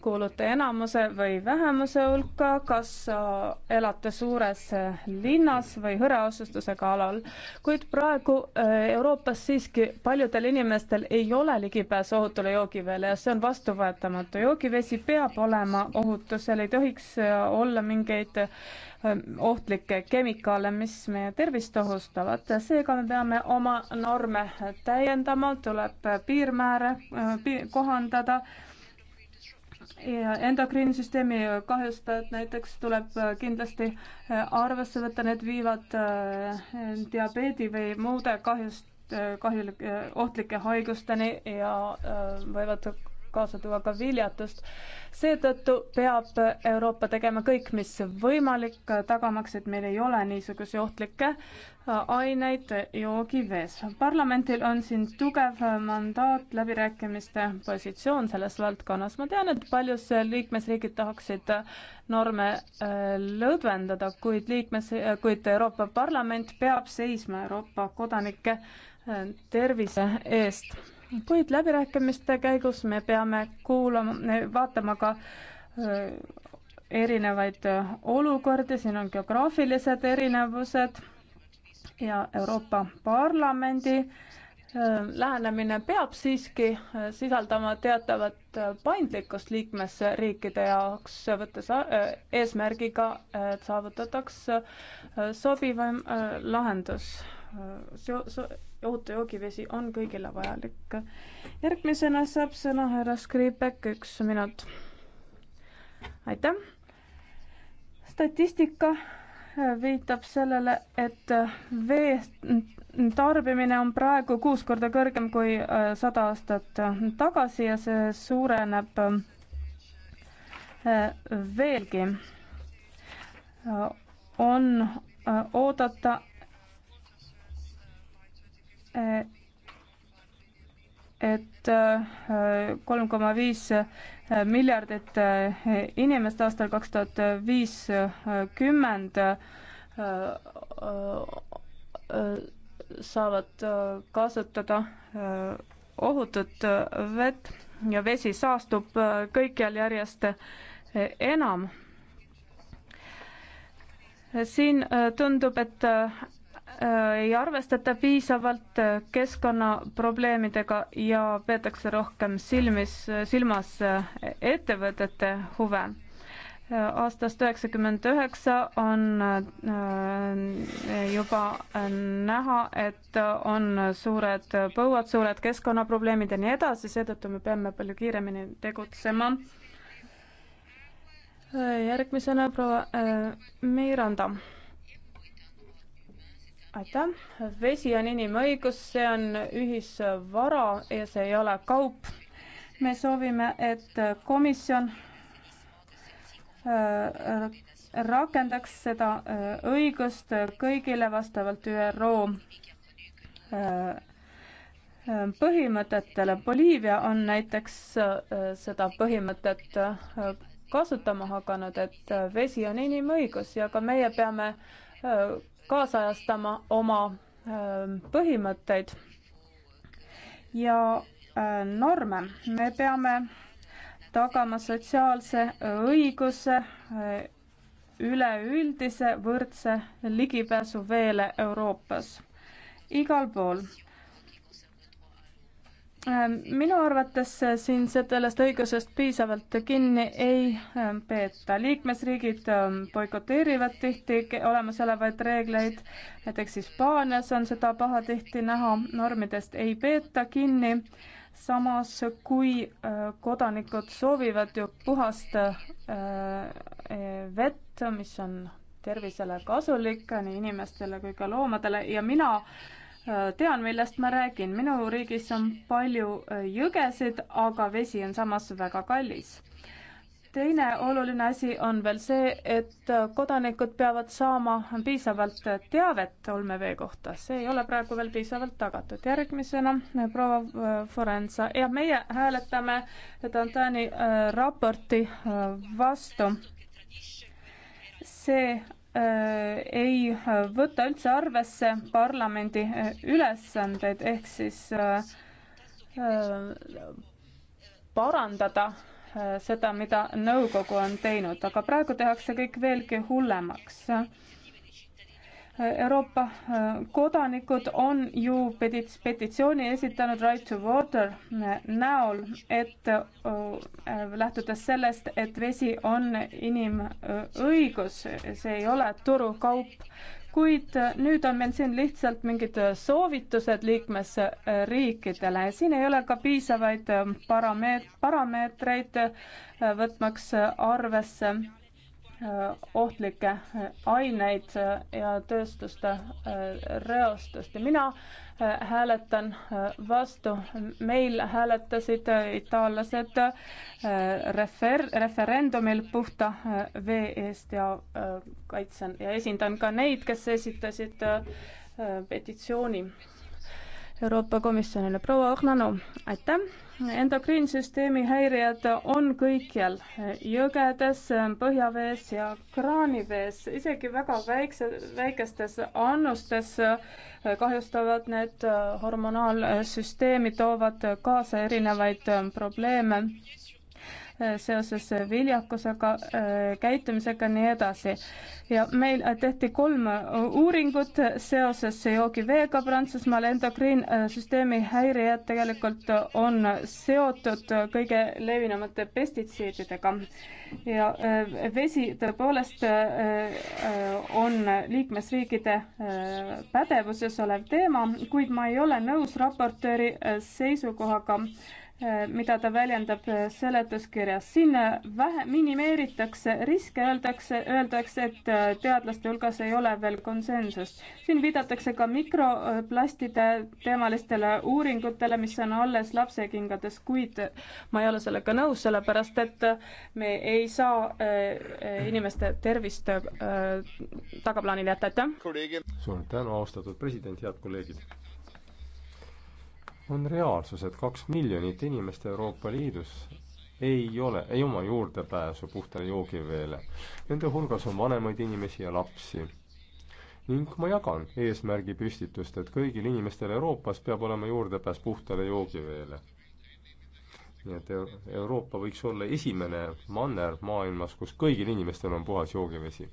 kuulute enamuse või vähemuse hulka, kas äh, elate suures äh, linnas või hõreasustusega alal, kuid praegu äh, Euroopas siiski paljudel inimestel ei ole ligipääsu ohutule joogiveele ja see on vastuvõetamatu. joogivesi peab olema ohutu, seal ei tohiks olla mingeid ohtlikke kemikaale, mis meie tervist ohustavad. seega me peame oma norme täiendama, tuleb piirmääre kohandada ja endokriinsüsteemi kahjustajad näiteks tuleb äh, kindlasti äh, arvesse võtta, need viivad äh, diabeedi või muude kahjust, kahjulike, ohtlike haigusteni ja võivad kaasa tuua ka viljatust. seetõttu peab Euroopa tegema kõik, mis võimalik, tagamaks, et meil ei ole niisuguseid ohtlikke äh, aineid joogivees. parlamendil on siin tugev mandaat, läbirääkimiste positsioon selles valdkonnas. ma tean, et paljud liikmesriigid tahaksid norme äh, lõdvendada, kuid liikmes, kuid Euroopa Parlament peab seisma Euroopa kodanike äh, tervise eest kuid läbirääkimiste käigus me peame kuulama, vaatama ka äh, erinevaid äh, olukordi, siin on geograafilised erinevused ja Euroopa Parlamendi äh, lähenemine peab siiski sisaldama teatavat paindlikkust liikmesriikide jaoks, võttes eesmärgiga, et saavutataks sobivam lahendus seo-, so-, ohutu joogivesi on kõigile vajalik. järgmisena saab sõna härra Skripek, üks minut. aitäh. statistika äh, viitab sellele, et äh, vee tarbimine on praegu kuus korda kõrgem kui äh, sada aastat tagasi ja see suureneb veelgi. on oodata, et äh, kolm koma viis äh, miljardit äh, inimest aastal kaks tuhat viiskümmend saavad kasutada ohutut vett ja vesi saastub kõikjal järjest enam siin tundub, et Äh, ei arvestata piisavalt äh, keskkonnaprobleemidega ja peetakse rohkem silmis, äh, silmas ettevõtete huve aastast üheksakümmend üheksa on juba näha, et on suured põuad, suured keskkonnaprobleemid ja nii edasi, seetõttu me peame palju kiiremini tegutsema. järgmisena proua Miranda aitäh, vesi on inimõigus, see on ühisvara ja see ei ole kaup. me soovime, et komisjon äh, rakendaks seda äh, õigust kõigile vastavalt ÜRO äh, põhimõtetele. Boliivia on näiteks seda põhimõtet kasutama hakanud, et vesi on inimõigus ja ka meie peame kaasajastama oma ähm, põhimõtteid ja äh, norme. me peame tagama sotsiaalse õiguse äh, üleüldise võrdse ligipääsu veele Euroopas igal pool Ähm, minu arvates äh, siin sellest õigusest piisavalt kinni ei ähm, peeta. liikmesriigid ähm, boikoteerivad tihti olemasolevaid reegleid, näiteks Hispaanias on seda pahatihti näha, normidest ei peeta kinni. samas, kui äh, kodanikud soovivad ju puhast äh, vett, mis on tervisele kasulik nii inimestele kui ka loomadele ja mina äh, tean, millest ma räägin. minu riigis on palju äh, jõgesid, aga vesi on samas väga kallis teine oluline asi on veel see, et äh, kodanikud peavad saama piisavalt teavet olmevee kohta, see ei ole praegu veel piisavalt tagatud. järgmisena äh, proua Forenza ja meie hääletame Tantani raporti vastu. see Äh, ei võta üldse arvesse parlamendi äh, ülesandeid ehk siis äh, parandada seda, mida nõukogu on teinud, aga praegu tehakse kõik veelgi hullemaks Euroopa äh, kodanikud on ju petits-, petitsiooni esitanud Right to Water näol, et äh, lähtudes sellest, et vesi on inimõigus, see ei ole turukaup kuid äh, nüüd on meil siin lihtsalt mingid soovitused liikmesriikidele. siin ei ole ka piisavaid parameet-, parameetreid võtmaks arvesse Äh, ohtlikke äh, aineid äh, ja tööstuste reostust ja mina hääletan vastu. meil hääletasid itaallased refer-, referendumil puhta vee eest ja kaitsen ja esindan ka neid, kes esitasid petitsiooni Euroopa Komisjonile. proua Ohnanu, aitäh! endokriinsüsteemi häirijad on kõikjal jõgedes, põhjavees ja kraanivees, isegi väga väikse, väikestes annustes kahjustavad need hormonaalsüsteemi, toovad kaasa erinevaid probleeme seoses viljakusega, äh, käitumisega, nii edasi. ja meil äh, tehti kolm äh, uuringut seoses joogiveega Prantsusmaal, endokriinsüsteemi häirijad tegelikult on seotud kõige levinumate pestitsiididega ja vesi tõepoolest on liikmesriikide pädevuses olev teema, kuid ma ei ole nõus raportööri seisukohaga Eh, mida ta väljendab eh, seletuskirjas. sinna eh, vähe, minimeeritakse riske, öeldakse, öeldakse, et teadlaste hulgas ei ole veel konsensust. siin viidatakse ka mikroplastide teemalistele uuringutele, mis on alles lapsekingades, kuid ma ei ole sellega nõus, sellepärast et me ei saa inimeste tervist tagaplaanile jätta, aitäh! suur tänu, austatud president, head kolleegid! on reaalsus, et kaks miljonit inimest Euroopa Liidus ei ole, ei oma juurdepääsu puhtale joogiveele. Nende hulgas on vanemaid inimesi ja lapsi. ning ma jagan eesmärgi püstitust, et kõigil inimestel Euroopas peab olema juurdepääs puhtale joogiveele. nii et Euroopa võiks olla esimene manner maailmas, kus kõigil inimestel on puhas joogivesi.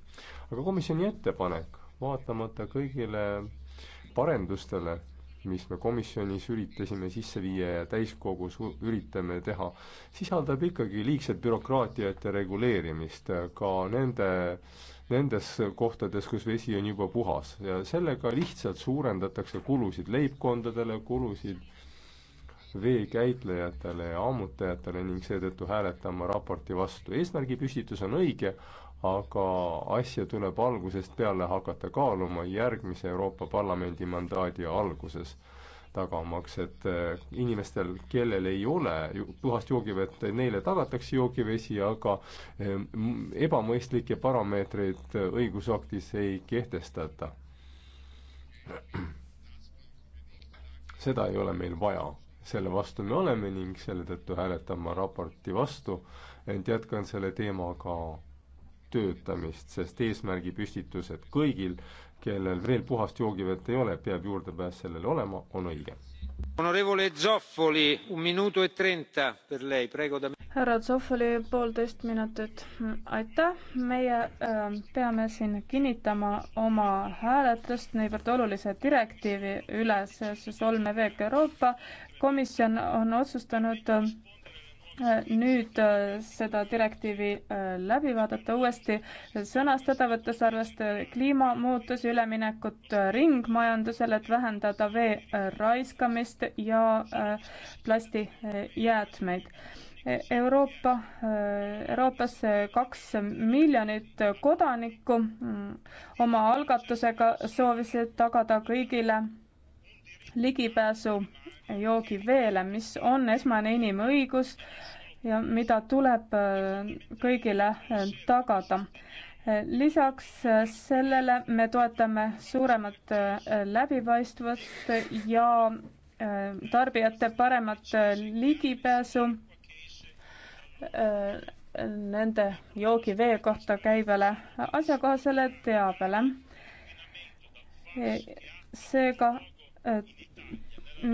aga komisjoni ettepanek, vaatamata kõigile parendustele, mis me komisjonis üritasime sisse viia ja täiskogus üritame teha, sisaldab ikkagi liigset bürokraatiat ja reguleerimist äh, ka nende, nendes kohtades, kus vesi on juba puhas ja sellega lihtsalt suurendatakse kulusid leibkondadele, kulusid veekäitlejatele ja ammutajatele ning seetõttu hääletama raporti vastu. eesmärgipüstitus on õige, aga asja tuleb algusest peale hakata kaaluma järgmise Euroopa Parlamendi mandaadi alguses, tagamaks, et eh, inimestel, kellel ei ole puhast joogivett, neile tagatakse joogivesi, aga eh, ebamõistlikke parameetreid eh, õigusaktis ei kehtestata. seda ei ole meil vaja selle vastu me oleme ning selle tõttu hääletan ma raporti vastu, ent jätkan selle teemaga töötamist, sest eesmärgi püstitused kõigil, kellel veel puhast joogivett ei ole, peab juurdepääs sellele olema, on õige. E härra Zoffoli poolteist minutit, aitäh, meie äh, peame siin kinnitama oma hääletust niivõrd olulise direktiivi üle, seoses olmeveega Euroopa Komisjon on otsustanud äh, nüüd äh, seda direktiivi äh, läbi vaadata, uuesti sõnastada, võttes arvesse kliimamuutusi, üleminekut äh, ringmajandusele, et vähendada vee raiskamist ja plastijäätmeid e, Euroopa, Euroopas kaks miljonit kodanikku mm, oma algatusega soovisid tagada kõigile ligipääsu joogiveele, mis on esmane inimõigus ja mida tuleb äh, kõigile äh, tagada. lisaks äh, sellele me toetame suuremat läbipaistvust ja tarbijate paremat ligipääsu nende joogivee kohta käivale asjakohasele teabele. seega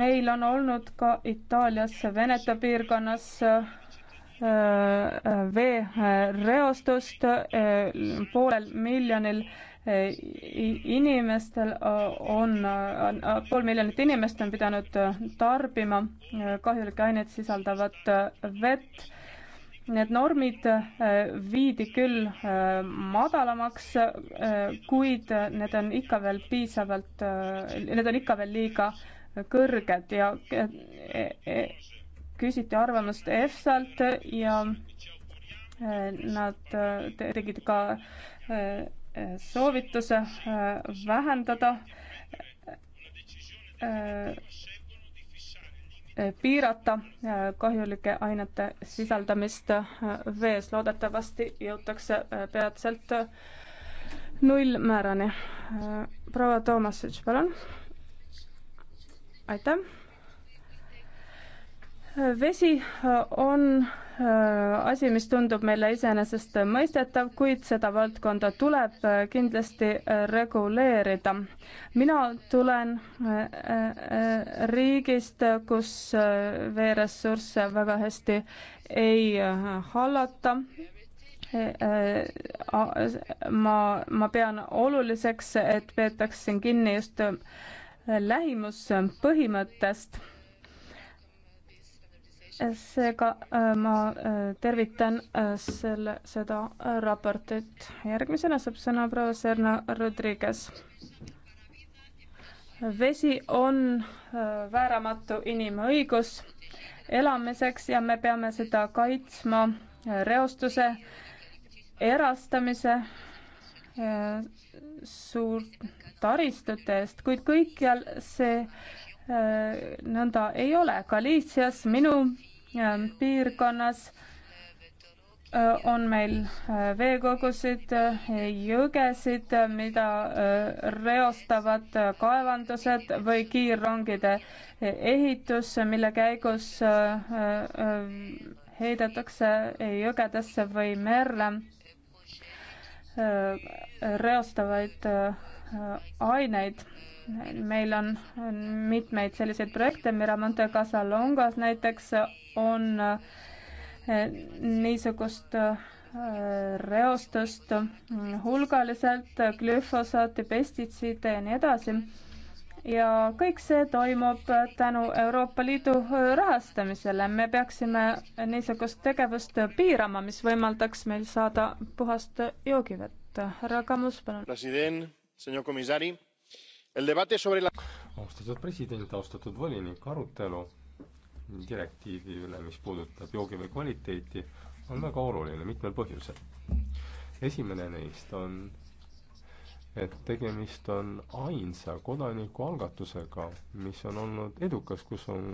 meil on olnud ka Itaalias Veneto piirkonnas äh, äh, veereostust äh, poolel miljonil inimestel on, pool miljonit inimest on pidanud tarbima kahjulikke aineid sisaldavat vett need normid äh, viidi küll äh, madalamaks, äh, kuid need on ikka veel piisavalt, need on ikka veel liiga kõrged ja küsiti arvamust EFSA-lt ja nad tegid ka soovituse vähendada Eh, piirata eh, kahjulike ainete sisaldamist eh, vees. loodetavasti jõutakse peatselt nullmäärani. proua Toomasic, palun. aitäh. vesi on Äh, asi, mis tundub meile iseenesestmõistetav, kuid seda valdkonda tuleb äh, kindlasti äh, reguleerida. mina tulen riigist, kus veeressursse väga hästi ei hallata ma, ma pean oluliseks, et peetaks siin kinni just lähimuspõhimõttest seega äh, ma äh, tervitan äh, selle, seda raportit. järgmisena saab sõna proua Serna Rodriguez. vesi on vääramatu inimõigus elamiseks ja me peame seda kaitsma reostuse, erastamise, suurtaristute eest, kuid kõikjal see nõnda ei ole. Galiitsias minu piirkonnas on meil veekogusid, jõgesid, mida reostavad kaevandused või kiirrongide e, ehitus, mille käigus heidetakse jõgedesse või merre reostavaid aineid meil on mitmeid selliseid projekte, Miramonte Casalongas näiteks on eh, niisugust eh, reostust hulgaliselt, glüfosaati, pestitsiide ja nii edasi. ja kõik see toimub tänu Euroopa Liidu eh, rahastamisele. me peaksime niisugust tegevust piirama, mis võimaldaks meil saada puhast joogivett. härra Kamus, palun. president, senor komissari austatud president, austatud volinik, arutelu direktiivi üle, mis puudutab joogivee kvaliteeti, on väga oluline mitmel põhjusel. esimene neist on, et tegemist on ainsa kodanikualgatusega, mis on olnud edukas, kus on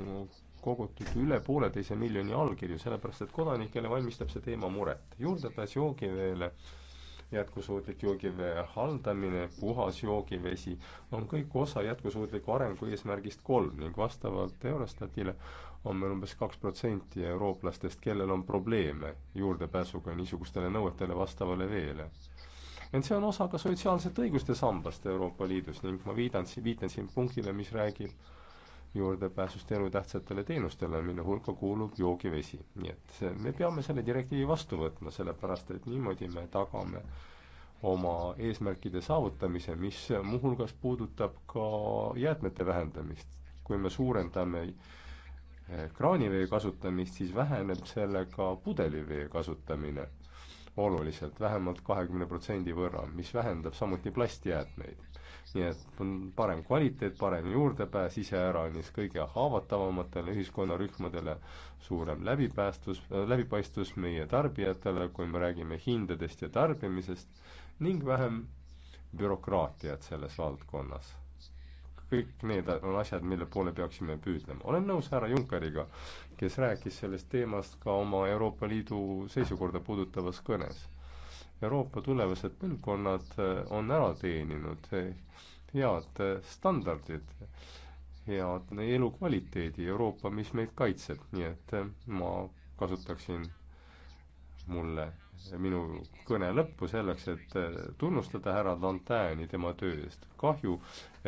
kogutud üle pooleteise miljoni allkirju, sellepärast et kodanikele valmistab see teema muret. juurdepääs joogiveele äh, jätkusuutlik joogivee haldamine, puhas joogivesi on kõik osa jätkusuutliku arengu eesmärgist kolm ning vastavalt Eurostatile on meil umbes kaks protsenti eurooplastest, kellel on probleeme juurdepääsuga niisugustele nõuetele vastavale veele. ent see on osa ka sotsiaalsete õiguste sambast Euroopa Liidus ning ma viidan, viitan siin punktile, mis räägib juurdepääsust elutähtsatele teenustele, mille hulka kuulub joogivesi. nii et me peame selle direktiivi vastu võtma, sellepärast et niimoodi me tagame oma eesmärkide saavutamise, mis muuhulgas puudutab ka jäätmete vähendamist. kui me suurendame eh, kraanivee kasutamist, siis väheneb sellega pudelivee kasutamine oluliselt vähemalt, vähemalt kahekümne protsendi võrra, mis vähendab samuti plastjäätmeid nii et on parem kvaliteet, parem juurdepääs iseäranis kõige haavatavamatele ühiskonnarühmadele, suurem läbipäästus, läbipaistvus meie tarbijatele, kui me räägime hindadest ja tarbimisest, ning vähem bürokraatiat selles valdkonnas. kõik need on asjad, mille poole peaksime püüdlema. olen nõus härra Junckeriga, kes rääkis sellest teemast ka oma Euroopa Liidu seisukorda puudutavas kõnes Euroopa tulevased põlvkonnad eh, on ära teeninud eh, head eh, standardid, head elukvaliteedi Euroopa, mis meid kaitseb, nii et ma kasutaksin mulle minu kõne lõppu selleks, et tunnustada härra Dantani tema töö eest. kahju,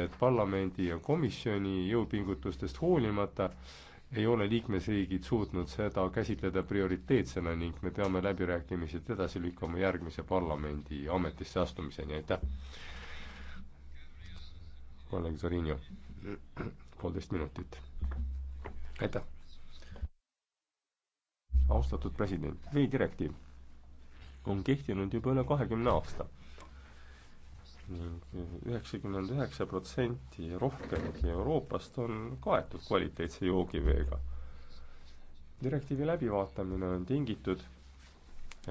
et parlamendi ja komisjoni jõupingutustest hoolimata äh, ei ole liikmesriigid suutnud seda käsitleda prioriteetsena ning me peame läbirääkimised edasi lükkama järgmise parlamendi ametisse astumiseni, aitäh. kolleeg Zorinio, poolteist minutit. aitäh. austatud president, veedirektiiv on kehtinud juba üle kahekümne aasta ning üheksakümmend üheksa protsenti rohkemgi Euroopast on kaetud kvaliteetse joogiveega. direktiivi läbivaatamine on tingitud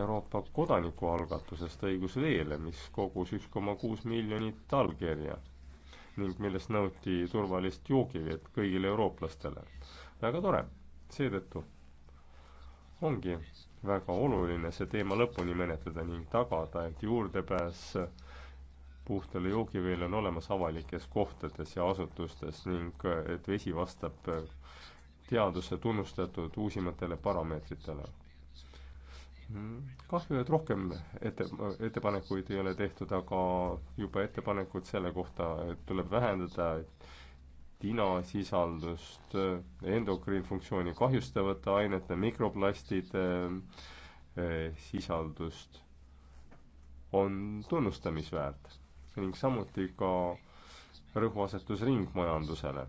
Euroopa kodanikualgatusest Õigus veele, mis kogus üks koma kuus miljonit allkirja ning millest nõuti turvalist joogivett kõigile eurooplastele. väga tore, seetõttu ongi väga oluline see teema lõpuni menetleda ning tagada, et juurdepääs äh, puhtale joogiveel on olemas avalikes kohtades ja asutustes ning et vesi vastab äh, teaduse tunnustatud uusimatele parameetritele. kahju, et rohkem ette, ettepanekuid ei ole tehtud, aga juba ettepanekud selle kohta, et tuleb vähendada tinasisaldust, endokriinfunktsiooni kahjustavate ainete, mikroplastide äh, sisaldust, on tunnustamisväärt ning samuti ka rõhuasetus ringmajandusele.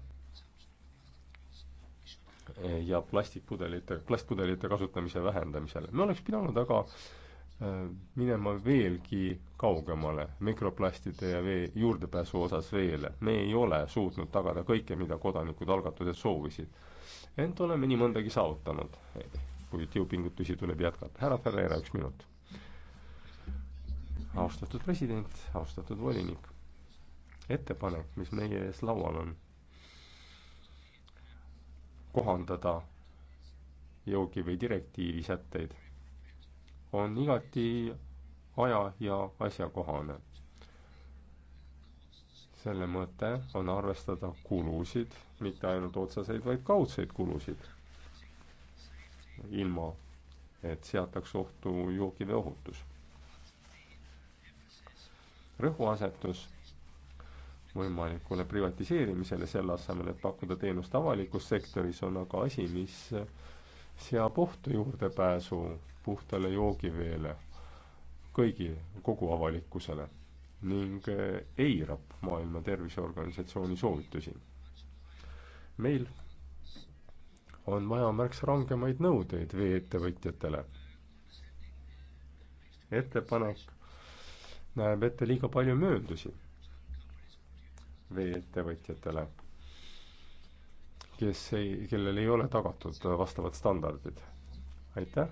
ja plastikpudelite, plastpudelite kasutamise vähendamisele. me oleks pidanud aga äh, minema veelgi kaugemale mikroplastide ja vee juurdepääsu osas veele. me ei ole suutnud tagada kõike, mida kodanikud algatused soovisid. ent oleme nii mõndagi saavutanud, kuid jõupingutusi tuleb jätkata. härra Ferreira, üks minut austatud president, austatud volinik. ettepanek, mis meie ees laual on, kohandada joogivee direktiivi sätteid, on igati aja- ja asjakohane. selle mõte on arvestada kulusid, mitte ainult otseseid, vaid kaudseid kulusid, ilma et seataks ohtu joogivee ohutus rõhuasetus võimalikule privatiseerimisele, selle asemel, et pakkuda teenust avalikus sektoris, on aga asi, mis seab ohtu juurdepääsu puhtale joogiveele kõigi, kogu avalikkusele ning eirab Maailma Terviseorganisatsiooni soovitusi. meil on vaja märksa rangemaid nõudeid vee-ettevõtjatele. ettepanek näeb ette liiga palju mööndusi veeettevõtjatele, kes ei, kellel ei ole tagatud vastavad standardid. aitäh,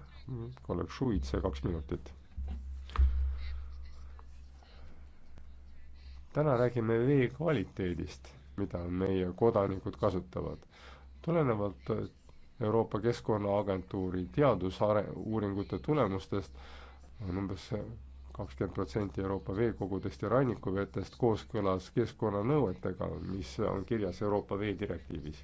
kolleeg Šuitse, kaks minutit. täna räägime vee kvaliteedist, mida meie kodanikud kasutavad. tulenevalt Euroopa Keskkonnaagentuuri teadusare-, uuringute tulemustest on umbes kakskümmend protsenti Euroopa veekogudest ja rannikuvetest kooskõlas keskkonnanõuetega, mis on kirjas Euroopa veedirektiivis.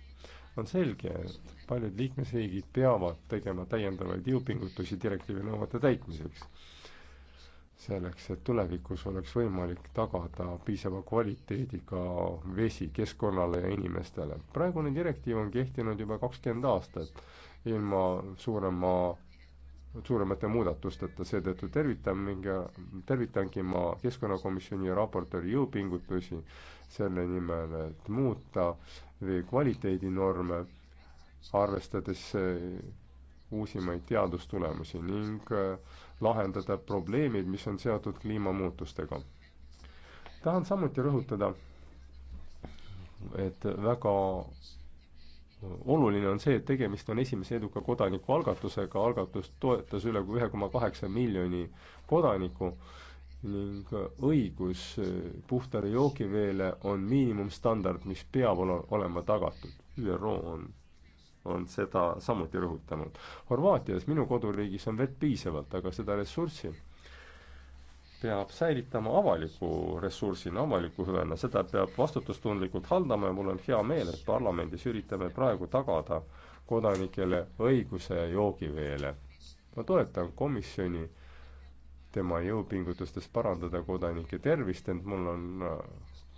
on selge, et paljud liikmesriigid peavad tegema täiendavaid jõupingutusi direktiivi nõuete täitmiseks. selleks, et tulevikus oleks võimalik tagada piisava kvaliteediga vesi keskkonnale ja inimestele. praegune direktiiv on kehtinud juba kakskümmend aastat ilma suurema suuremate muudatusteta, seetõttu tervitan mingi, tervitangi ma Keskkonnakomisjoni raportööri jõupingutusi selle nimel, et muuta vee kvaliteedinorme, arvestades uusimaid teadustulemusi ning äh, lahendada probleemid, mis on seotud kliimamuutustega. tahan samuti rõhutada, et väga oluline on see, et tegemist on esimese eduka kodanikualgatusega, algatust toetas üle ühe koma kaheksa miljoni kodaniku ning õigus äh, puhtale joogiveele on miinimumstandard, mis peab olema tagatud. ÜRO on, on seda samuti rõhutanud. Horvaatias, minu koduriigis, on vett piisavalt, aga seda ressurssi, peab säilitama avaliku ressursina, avaliku hüvena, seda peab vastutustundlikult haldama ja mul on hea meel, et parlamendis üritame praegu tagada kodanikele õiguse joogiveele. ma toetan komisjoni tema jõupingutustes parandada kodanike tervist, ent mul on äh,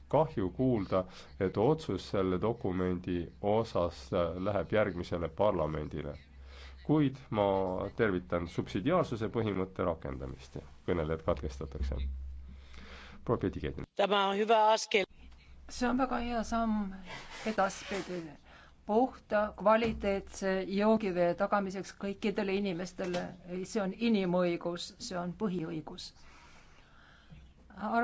kahju kuulda, et otsus selle dokumendi osas äh, läheb järgmisele parlamendile kuid ma tervitan subsidiaarsuse põhimõtte rakendamist. kõnelejad katkestatakse. proua Pedikätin. tema on hüva askel. see on väga hea samm edaspidi puhta kvaliteetse joogivee tagamiseks kõikidele inimestele. see on inimõigus, see on põhiõigus